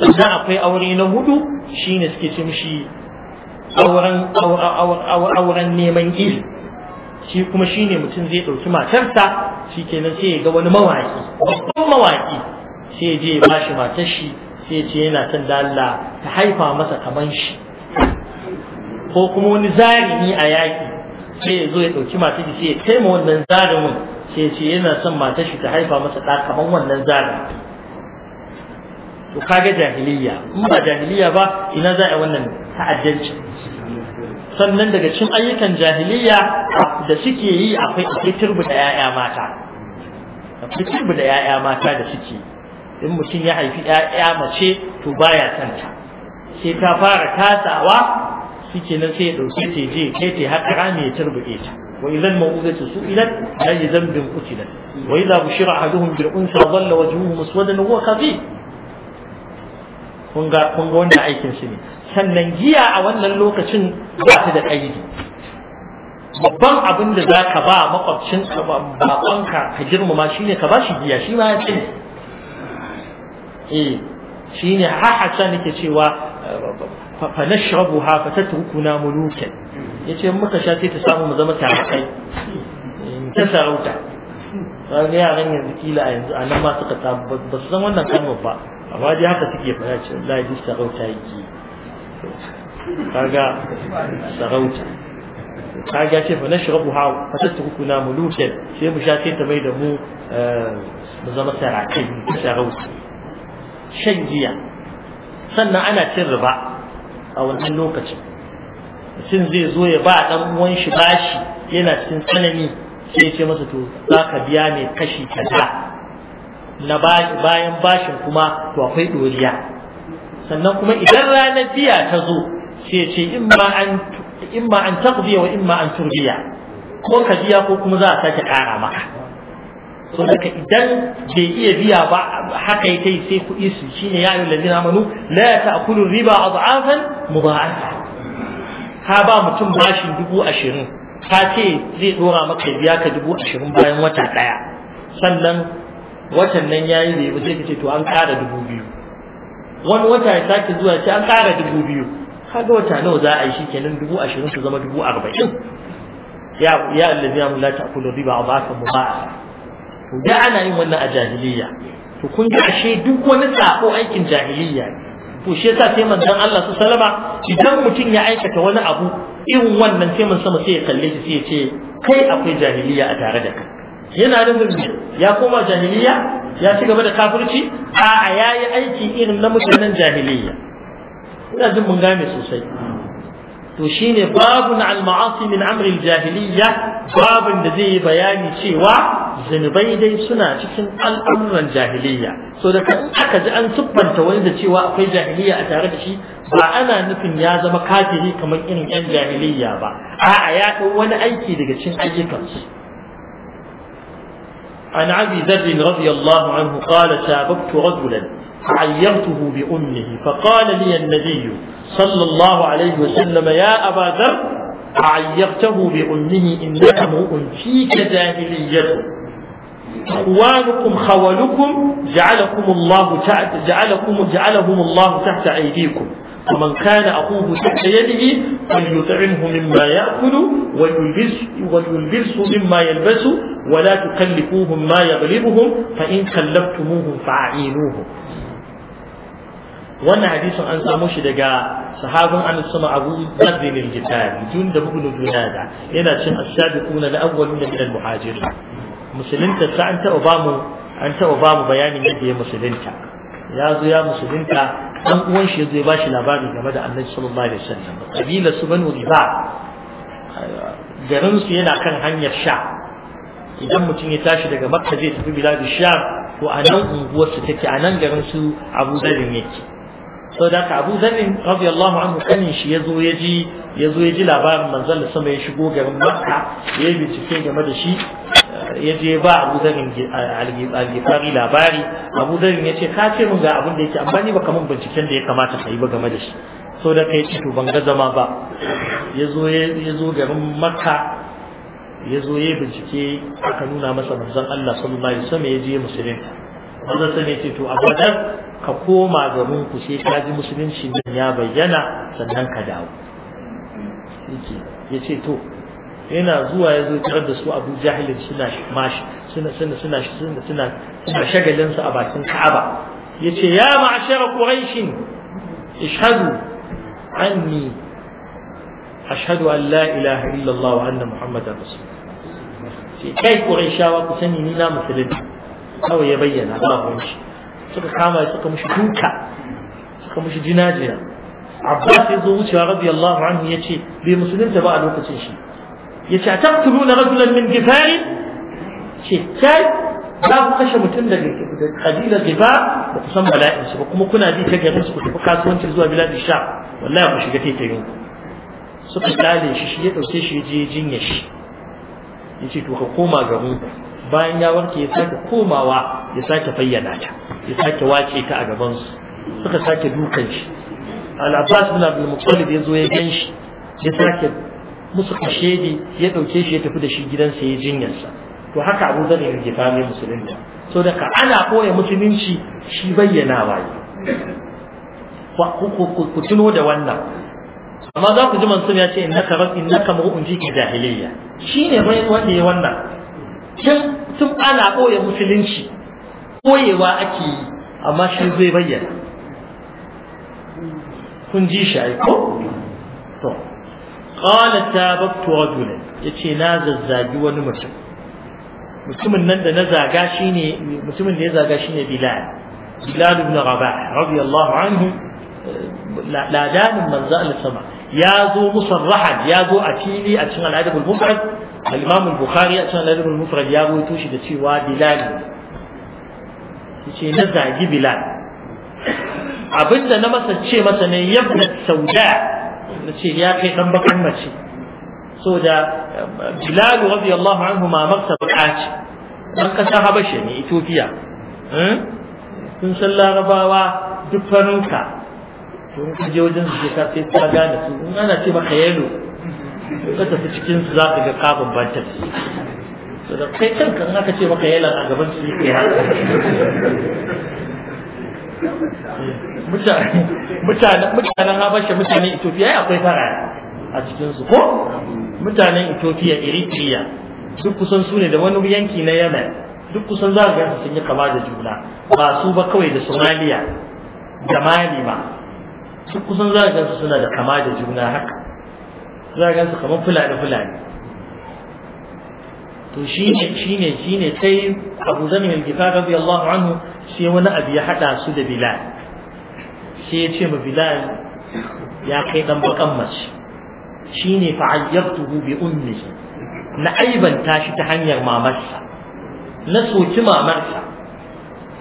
sannan akwai aure na hudu shine suke ce mishi auren neman iri shi kuma ne mutum zai ɗauki matarsa shikenan sai ya ga wani mawaki babban mawaki sai je ya bashi matar shi sai ce yana son da ta haifa masa kamar shi ko kuma wani zarimi a yaƙi sai ya zo ya ɗauki mata shi sai ya kai ma wannan zarumin sai ce yana son mata shi ta haifa masa ɗa kamar wannan zarumin to kaga jahiliya in ba jahiliya ba ina za a wannan ta'addanci sannan daga cikin ayyukan jahiliya da suke yi akwai akwai da 'ya'ya mata akwai da 'ya'ya mata da suke yi in mutum ya haifi ‘ya'ya mace to baya son ta sai ta fara tasawa shikenan sai ya dauke ta je kai ta har rami ya turbuke ta wa idan mawudatu su'ilat la yadhanbu qutilat wa idha bushira ahaduhum bil unsa dhalla wajhuhu huwa kun ga kun ga wannan aikin shi ne sannan giya a wannan lokacin ba ta da kaidi babban abin da zaka ba makwabcin bakonka ka girmama shi ka ba giya shi ma ya ce eh shi ha hasa nake cewa fa nashrabuha fa tatrukuna mulukan yace in muka sha sai ta samu mu zama tarakai ta sarauta kaga yaran yanzu kila a yanzu anan ma suka ta ba su san wannan kalmar ba amma dai haka suke fara ce wallahi duk sarauta yake kaga sarauta kaga ce fa nashrabuha fa tatrukuna mulukan sai mu sha sai ta mai da mu eh, mu zama sarakai sarauta shan giya sannan ana cin riba a wannan lokacin mutum zai zo ya ba dan uwan shi bashi yana cikin tsanani sai ce masa to za ka biya mai kashi kaza na bayan bashin kuma to akwai doriya sannan kuma idan ranar biya ta zo sai ce in ma an taqdiya wa in ma an turbiya ko ka biya ko kuma za a sake kara maka so daga idan bai iya biya ba haka ya kai sai kuɗi su shine ya ayyuhal ladina amanu la ta'kulu riba mu mudha'afa ka ba mutum bashin dubu ashirin ka ce zai dora maka biya ka dubu ashirin bayan wata ɗaya sannan watan nan yayi bai ba sai ka ce to an ƙara dubu biyu wani wata ya sake zuwa ce an ƙara dubu biyu kaga wata nawa za a yi shikenan dubu ashirin su zama dubu arba'in ya ya allazi ya mulata akulu riba ad'afan mudha'afa da ana yin wannan a jahiliya to kun ga ashe duk wani sako aikin jahiliya ne to shi yasa sai manzon Allah su salama idan mutum ya aikata wani abu irin wannan sai mun sama sai ya kalle shi sai ya ce kai akwai jahiliya a tare da kai yana nufin ya koma jahiliya ya ci gaba da kafirci a'a yayi aiki irin na mutanen jahiliya ina jin mun game sosai to shine babun al-ma'asi min amri al-jahiliya babun da zai bayani cewa zunubai dai suna cikin al'amuran jahiliya so da kan aka ji an siffanta wani da cewa akwai jahiliya a tare da shi ba ana nufin ya zama kafiri kamar irin yan jahiliya ba a'a ya kai wani aiki daga cikin ayyukan su an abi zarri radiyallahu anhu qala sababtu rajulan fa'ayyartuhu bi ummihi fa qala li an-nabiy sallallahu alayhi wa sallam ya aba zarr عيرته بأمه إنها مؤن فيك جاهليته إخوانكم خولكم جعلكم الله جعلكم جعلهم الله تحت أيديكم ومن كان أخوه تحت يده فليطعمه مما يأكل وليلبس وليلبسه مما يلبس ولا تكلفوهم ما يغلبهم فإن كلفتموهم فأعينوهم wannan hadisin an samo shi daga sahabin an sama abu zardin al-gitari tun da bugun dunada yana cin ashabi kuna na awwalun min al-muhajirin musulunta ta an taɓa bamu an taɓa da bayanin yadda ya musulunta ya zo ya musulunta dan uwan shi ya bashi labari game da Annabi sallallahu alaihi wasallam kabila su banu riba garin su yana kan hanyar sha idan mutum ya tashi daga makka zai tafi biladu sha ko a nan unguwar su take a nan garin su abu yake sau da abu zanin radiyallahu anhu kanin shi ya zo ya ji ya ji labarin manzon da sama ya shigo garin makka ya yi bincike game da shi ya je ba abu zanin algifari labari abu zanin ya ce ka ce mun ga abin da yake amma ni baka mun binciken da ya kamata ka yi ba game da shi sau da kai to ban ga zama ba ya zo ya zo garin makka ya zo ya bincike aka nuna masa manzon Allah sallallahu alaihi wasallam ya je musulunta manzon sai ya ce to abu ka koma garin ku sai ka ji musulunci nan ya bayyana sannan ka dawo ya ce to yana zuwa ya zo tarar da su abu jahilin suna mashi suna suna suna suna suna shagalin su a bakin ka'aba ya ce ya ma'ashara quraishin ishhadu anni ashhadu an la ilaha illallah wa anna muhammadar rasulullah sai kai quraishawa ku sani ni na musulunci kawai ya bayyana ba wani suka kama suka mushi duka suka mushi jinajiya abbas ya zo wucewa radiyallahu anhu ya ce bai musulunta ba a lokacin shi ya ce a taktulu na rajulan min gifari ce kai za ku kashe mutum daga kabilar gifa ba ku san bala'insu ba kuma kuna bi ta garin su ku tafi kasuwancin zuwa biladin sha wallahi ku shiga taitayin suka kyale shi shi ya ɗauke shi ya je jinya shi ya ce to ka koma garin ku bayan ya warke ya sake komawa ya sake fayyana ta ya sake wace ta a gaban su suka sake dukan shi al-abbas bin abdul muttalib ya zo ya gan shi ya sake musu kashedi ya dauke shi ya tafi da shi gidansa ya jinyarsa to haka abu zan yi gefa mai musulunta so da ana koya musulunci shi bayyana waye. ku tuno da wannan amma za ku ji mansur ya ce innaka rab innaka mu'un jahiliyya shine bai wanda ya wannan can sun ana ɓoye musulunci ɓoyewa ake yi amma shi zai bayyana kun ji shi ai ko to qala tabtu rajulan yace na zazzagi wani mutum mutumin nan da na zaga shine mutumin da ya zaga shine Bilal Bilal ibn Rabah radiyallahu anhu ladanin manzo Allah sama ya zo musarrahan ya zo a fili a cikin al'adabul mufrad al-imam al-bukhari a cikin al ya rawaito shi da cewa bilal na zagi bilal abinda na masa ce masa ne yabna sauda nace ya kai dan bakar mace da eh, bilal radiyallahu anhu ma maktaba ce dan kasa habasha ne ethiopia kun hmm? san larabawa duk farinka to in ka je wajen su ka sai ka gane su in ana ce maka yelo ka tafi cikin su za ka ga ka bambanta da su saboda kai kan in aka ce maka yalan a gaban su yake mutane mutanen habasha mutanen ethiopia ya akwai fara a su ko mutanen ethiopia eritrea duk kusan su ne da wani yanki na yemen duk kusan za ga sun yi kama da juna ba su ba kawai da somalia da mali ba duk kusan za ga suna da kama da juna haka za ga su kamar fulani fulani to shine shine shine sai Abu Zamin al-Ghifari radiyallahu anhu sai wani abu ya hada su da Bilal sai ya ce ma Bilal ya kai dan bakan mace shine fa'ayyabtuhu bi ummihi na aibanta shi ta hanyar mamarsa na soki mamarsa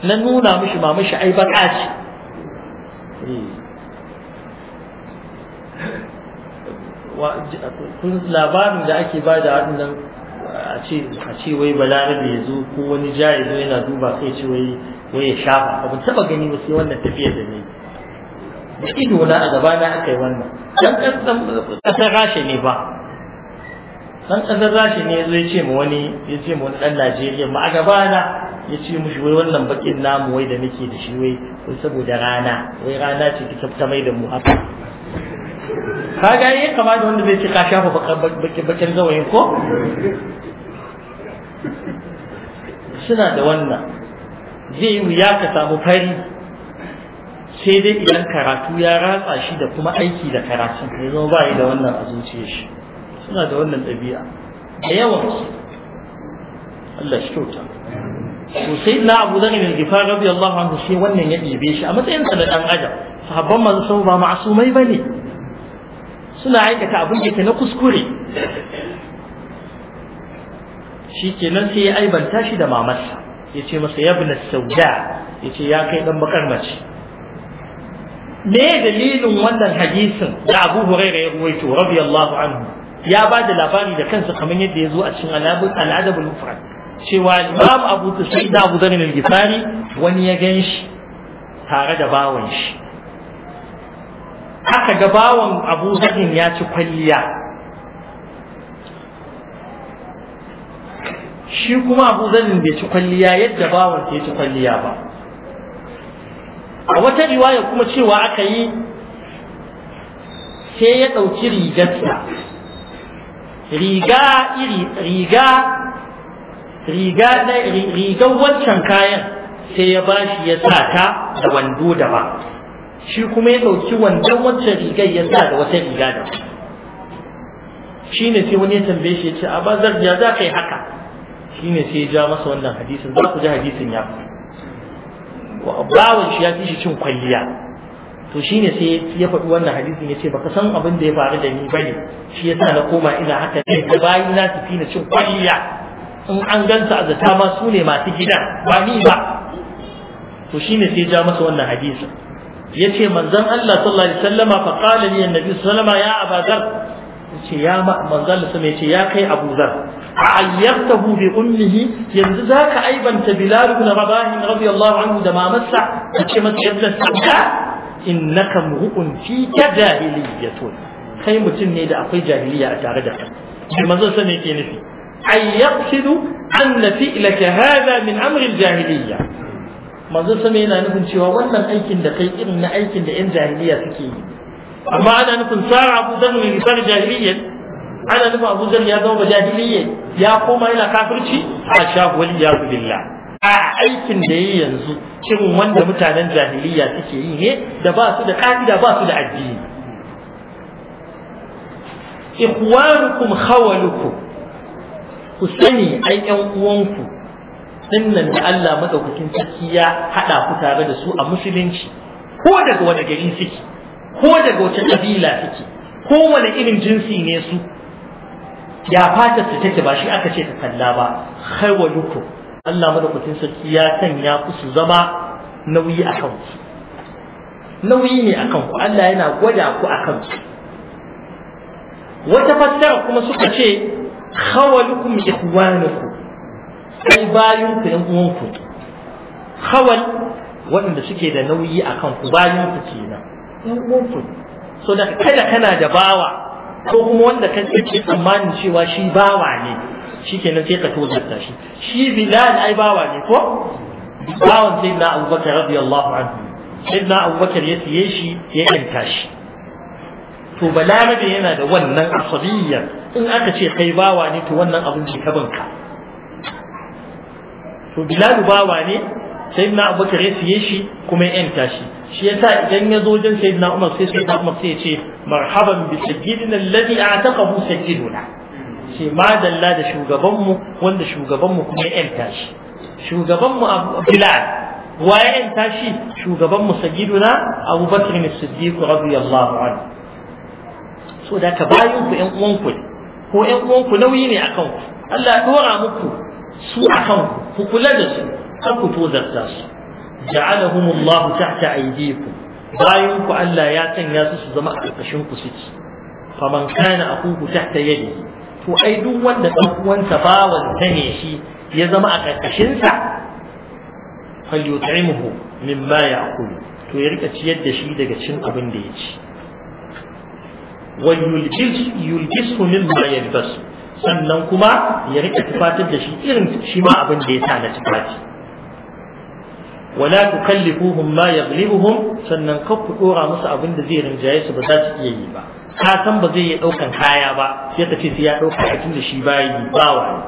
na nuna mishi mamashi ai baka ce labarin da ake ba da waɗannan a ce wai balarabe ya zo ko wani ja zo yana duba kai ce wai ya shafa abin taba gani ba sai wannan tafiyar da ne da ido na a gaba na aka yi wannan dan ƙasar rashe ne ba dan ƙasar rashe ne ya ce ma wani ya ce ma wani dan Najeriya ma a gaba na ya ce mushi wai wannan bakin namu wai da nake da shi wai saboda rana wai rana ce ta mai da mu haka Ka ga yi kama da wanda zai ce ka shafa bakin gawayi ko suna da wannan zai yi wuya ka samu fari sai dai idan karatu ya ratsa shi da kuma aiki da karatun ya zama ba da wannan a zuciya shi suna da wannan ɗabi'a da yawan su Allah shi kyauta to sai na Abu Dharr bin rabi Allah anhu sai wannan ya ɗebe shi a matsayin sa da adam sahabban manzo sun ba ba bane suna aikata abin da na kuskure shi ke nan sai ya aibanta shi da mamarsa ya ce masa ya bi sauda ya ce ya kai ɗan bakar mace me dalilin wannan hadisin da abu huraira ya ruwaito radiyallahu anhu ya ba da labari da kansa kamar yadda ya zo a cikin al'adabul mufrad cewa imam abu tusaid abu zanin al-gifari wani ya gan shi tare da bawan shi aka ga bawan abu zahin ya ci kwalliya shi kuma abu zahin bai ci kwalliya yadda bawan ke ci kwalliya ba a wata riwaya kuma cewa aka yi sai ya ɗauki rigarsa riga iri riga riga rigar wancan kayan sai ya bashi ya sa ta da wando da ba shi kuma ya ɗauki wancan wancan rigar ya sa da wata riga da shi ne sai wani ya tambaye shi ya ce a bazar ya za ka yi haka shi ne sai ya ja masa wannan hadisin za ku ji hadisin ya bawan shi ya fi shi cin kwalliya to shi ne sai ya faɗi wannan hadisin ya ce baka san abin da ya faru da ni ba ne shi ya sa na koma ina haka ne da bayan na tafi na cin kwalliya in an ganta a zata ma su ne masu gida ba ni ba to shi ne sai ya ja masa wannan hadisin yace manzon Allah sallallahu alaihi wasallama fa qala li annabi sallama ya abazar yace ya manzon Allah sama yace ya kai Abu Zar ayyartahu bi ummihi yanzu zaka aibanta Bilal ibn Rabah radiyallahu anhu da mamarsa yace masa yadda sanka innaka mu'un fi jahiliyyatun kai mutum ne da akwai jahiliya a tare da kai manzon sama yake nufi ay yaqsidu anna fi'laka hadha min amri al-jahiliyya manzo sama yana nufin cewa wannan aikin da kai irin na aikin da yan jahiliya suke yi amma ana nufin sara abu zan min jahiliya ana nufin abu zan ya zama jahiliya ya koma yana kafirci a sha wani ya billah a aikin da yayi yanzu cin wanda mutanen jahiliya suke yi ne da ba su da ka'ida ba su da addini ikhwanukum khawalukum ku sani ai yan uwanku nan da Allah madaukakin sarki ya haɗa ku tare da su a musulunci ko daga wani gari suke ko daga wata kabila suke ko wani irin jinsi ne su ya fata su take ba shi aka ce ta kalla ba duku Allah madaukakin sarki ya sanya ku su zama nauyi a kanku nauyi ne a kanku Allah yana gwada ku a ku. wata fassara kuma suka ce khawalukum ikhwanukum Kai bayan ku yan uwanku Hawan, waɗanda suke da nauyi a kan ku bayan ku ke kenan yan uwanku so da kada kana da bawa ko kuma wanda ka kake tsammanin cewa shi bawa ne shikenan sai ka tozarta shi shi bilal ai bawa ne ko bawan sai na abubakar radiyallahu anhu sai na abubakar ya siye shi ya yanka shi to balarabe yana da wannan asabiyyar in aka ce kai bawa ne to wannan abin ce ka banka to bilal bawa ne sayyidina abubakar ya siye shi kuma ya yanta shi shi yasa idan ya zo wajen sayyidina umar sai sayyidina umar sai ya ce marhaban bi sayyidina alladhi a'taqahu sayyiduna ma madalla da shugabanmu wanda shugabanmu kuma ya yanta shi shugabanmu bilal wa ya yanta shi shugabanmu sayyiduna abubakar ne siddiq radiyallahu anhu so da ka bayan ku ƴan uwanku ko 'yan uwanku nauyi ne akan ku Allah ya dora muku su akan ku ku kula da su kar ku tozarta su ja'alahumullahu tahta aydikum bayan ku Allah ya sanya su su zama a ƙarƙashin ku suke faman kana akuku tahta yadi to ai duk wanda dan uwansa bawan ta ne shi ya zama a ƙarƙashin sa falyut'imuhu mimma ya'kulu to ya rika ciyar da shi daga cin abin da ya ci wa yulbis yulbisu mimma yalbasu sannan kuma ya rike tufatar da shi irin shi ma abin da ya sa na tufafi wala tukallifuhum ma yaghlibuhum sannan kar ku dora musu abin da zai rinjaye su ba za su iya yi ba ka san ba zai yi daukan kaya ba sai ka ce sai ya dauka a da shi bayi ba wani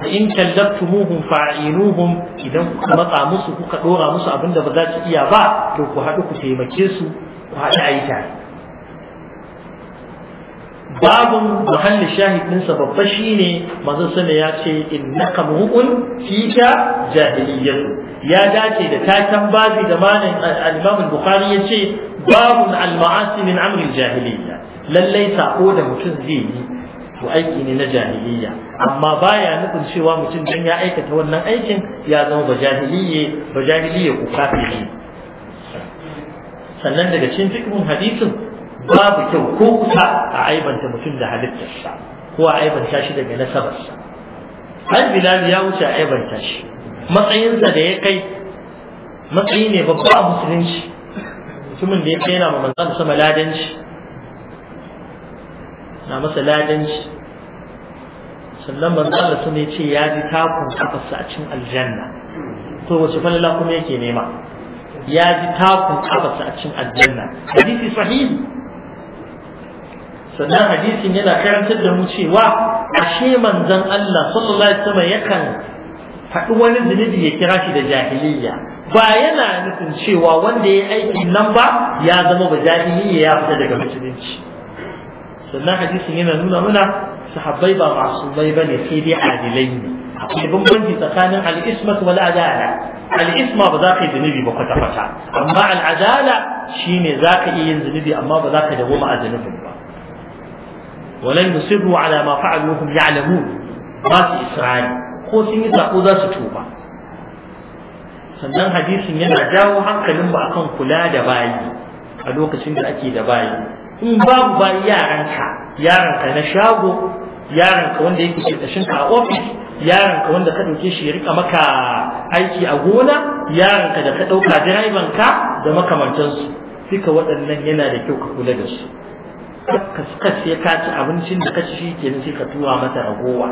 fa in kallabtumuhum fa'inuhum idan ku matsa musu kuka dora musu abin da ba za su iya ba to ku haɗu ku taimake su ku haɗu yi tare babun muhalli shahidinsa babba shine manzon sama ya ce innaka mu'un fika jahiliyyatu ya dace da takan babi da malam al-Imam al ya ce babu al-ma'asi min amri jahiliyya lallai sako da mutum zai yi to aiki ne na jahiliyya amma baya nufin cewa mutum dan ya aikata wannan aikin ya zama ba jahiliyye ba jahiliyye ko kafiri sannan daga cikin fiqhun hadisin babu kyau ko kusa a aibanta mutum da halittarsa ko a aibanta shi daga nasabarsa har bilal ya wuce a aibanta shi matsayinsa da ya kai matsayi ne babba a musulunci mutumin da ya kai yana ma manzan sama ladanci na masa ladanci sannan manzan da sun ce ya ji takun kafarsa a cin aljanna to wace falala kuma yake nema ya ji takun kafarsa a cin aljanna hadisi sahihi sannan hadisin yana karantar da mu cewa ashe manzon Allah sallallahu alaihi wasallam yakan faɗi wani zunubi ya kira shi da jahiliya ba yana nufin cewa wanda ya aikin nan ba ya zama ba jahiliya ya fita daga musulunci sannan hadisin yana nuna mana sahabbai ba masumai bane sai dai adilai ne akwai bambanci tsakanin al'isma ismat wal adala al'isma ba za ka yi zunubi ba kwata kwata amma al'adala adala shine za ka iya yin zunubi amma ba za ka dawo ma a zunubin ba walan yusiru ala ma fa'alu ya alamu ba su isra'ani ko sun yi sako za su sannan hadisin yana jawo hankalin ba akan kula da bayi a lokacin da ake da bayi in babu bayi yaranka yaranka na shago yaranka wanda yake ke ka a ofis yaranka wanda ka ɗauke shi ya rika maka aiki a gona yaranka da ka ɗauka direbanka ka da makamantansu duka waɗannan yana da kyau ka kula da su kaskas ya ka ci abincin da kashi shi ke sai ka tura mata ragowa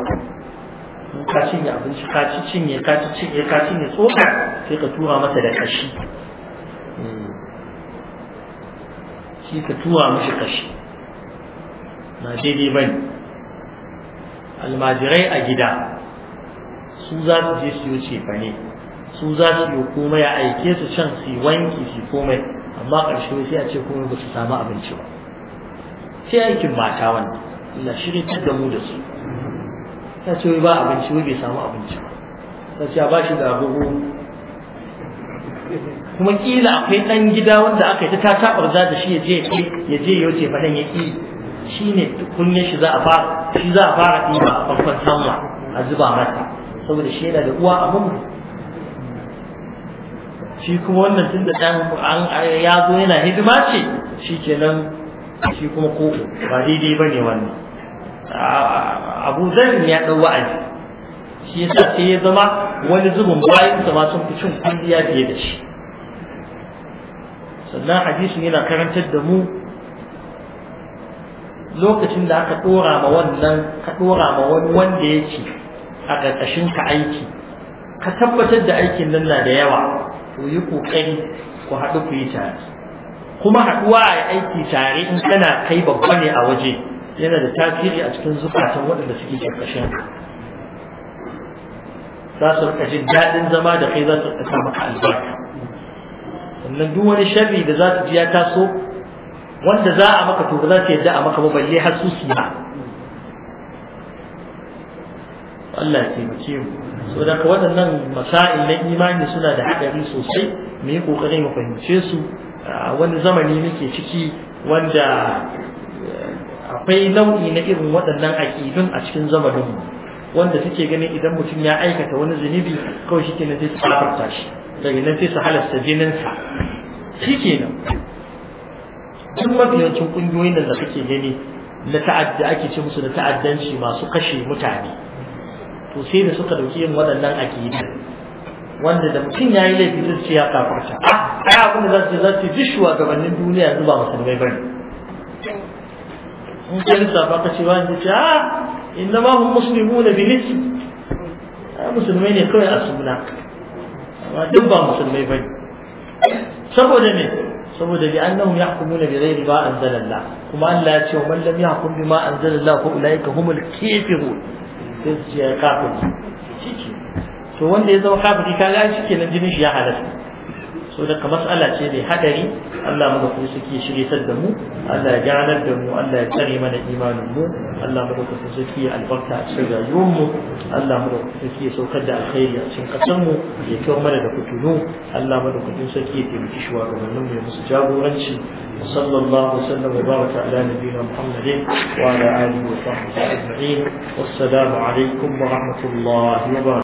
in ka cinye abinci ka ci cinye ka ci cinye ka cinye tsoka sai ka tuwa mata da kashi hmm. shi ka tuwa mishi kashi na daidai bane almajirai a gida su za su je su yi cefane su za su yi komai a aike su can su yi wanki su yi komai amma ƙarshe sai a ce komai ba su samu abinci ba sai yankin mata wannan Allah shirin da mu da su ta ce wai ba abinci wai bai samu abinci ba ta ce ba shi da abubu kuma kila akwai dan gida wanda aka yi ta tabar za da shi ya je ya je ya wuce fadan ya ki shi za a fara shi za a fara ɗiba a farkon sanwa a zuba mata saboda shi yana da uwa a mamu shi kuma wannan tun da ɗan ya zo yana hidima ce shi kenan shi kuma ko ba daidai ba ne wannan abu zan ya ɗau wa'azi shi yasa sai ya zama wani zubin bayan sa ma sun fi cin kwalliya fiye da shi sannan hadisin yana karantar da mu lokacin da aka ɗora ma wannan ka ɗora ma wani wanda yake a ƙarƙashin ka aiki ka tabbatar da aikin nan na da yawa to yi ƙoƙari ku haɗu ku yi tare kuma haɗuwa a aiki tare in kana kai babba ne a waje yana da tasiri a cikin zukatan waɗanda suke karkashin za su rika jin daɗin zama da kai za su rika maka albarka sannan duk wani sharri da za ta ji ya taso wanda za a maka to ba za ta yadda a maka ba balle har su su ma Allah ya taimake mu so da waɗannan masa'il na imani suna da haɗari sosai mu yi ƙoƙari mu fahimce su wani zamani muke ciki wanda eh, akwai nau'i na irin waɗannan aƙidun a cikin mu. wanda take ganin idan mutum ya aikata wani zunubi kawai shi kenan sai su shi daga nan sai su halasta jininsa shi kenan duk mafiyancin ƙungiyoyin da suke gani na ta'adda ake ce musu da ta'addanci masu kashe mutane to sai da suka ɗauki yin waɗannan aƙidun wanda da mutum ya yi laifi zai ce ya kafarta a ai abin da za su za su ji shugabannin duniya zuba musulmai bane. ne in ka lissafa ka ce wani ce a ah, inna ma hum muslimu na A ah, musulmai ne kawai a suna amma duk ba musulmai bane. saboda ne saboda bi annahum yahkumuna bi ghairi ma anzalalla kuma Allah ya ce wa mallam man lam yahkum bima anzalalla fa ulaika humul kafirun sai su ce kafirun shike to wanda ya zama kafiri kaga shi kenan jinin shi ya halasta so daga mas'ala ce mai hadari Allah mu kuma suke shirye da mu Allah ya ganar da mu Allah ya tsare mana imanin mu Allah mu kuma suke albarka a cikin rayuwar mu Allah mu kuma suke saukar da alkhairi a cikin kasar mu ya kawo mana da kutunu Allah mu kuma suke taimaki shugabannin mu ya musu jagoranci صلى الله وسلم وبارك على نبينا محمد وعلى اله وصحبه اجمعين والسلام عليكم ورحمه الله وبركاته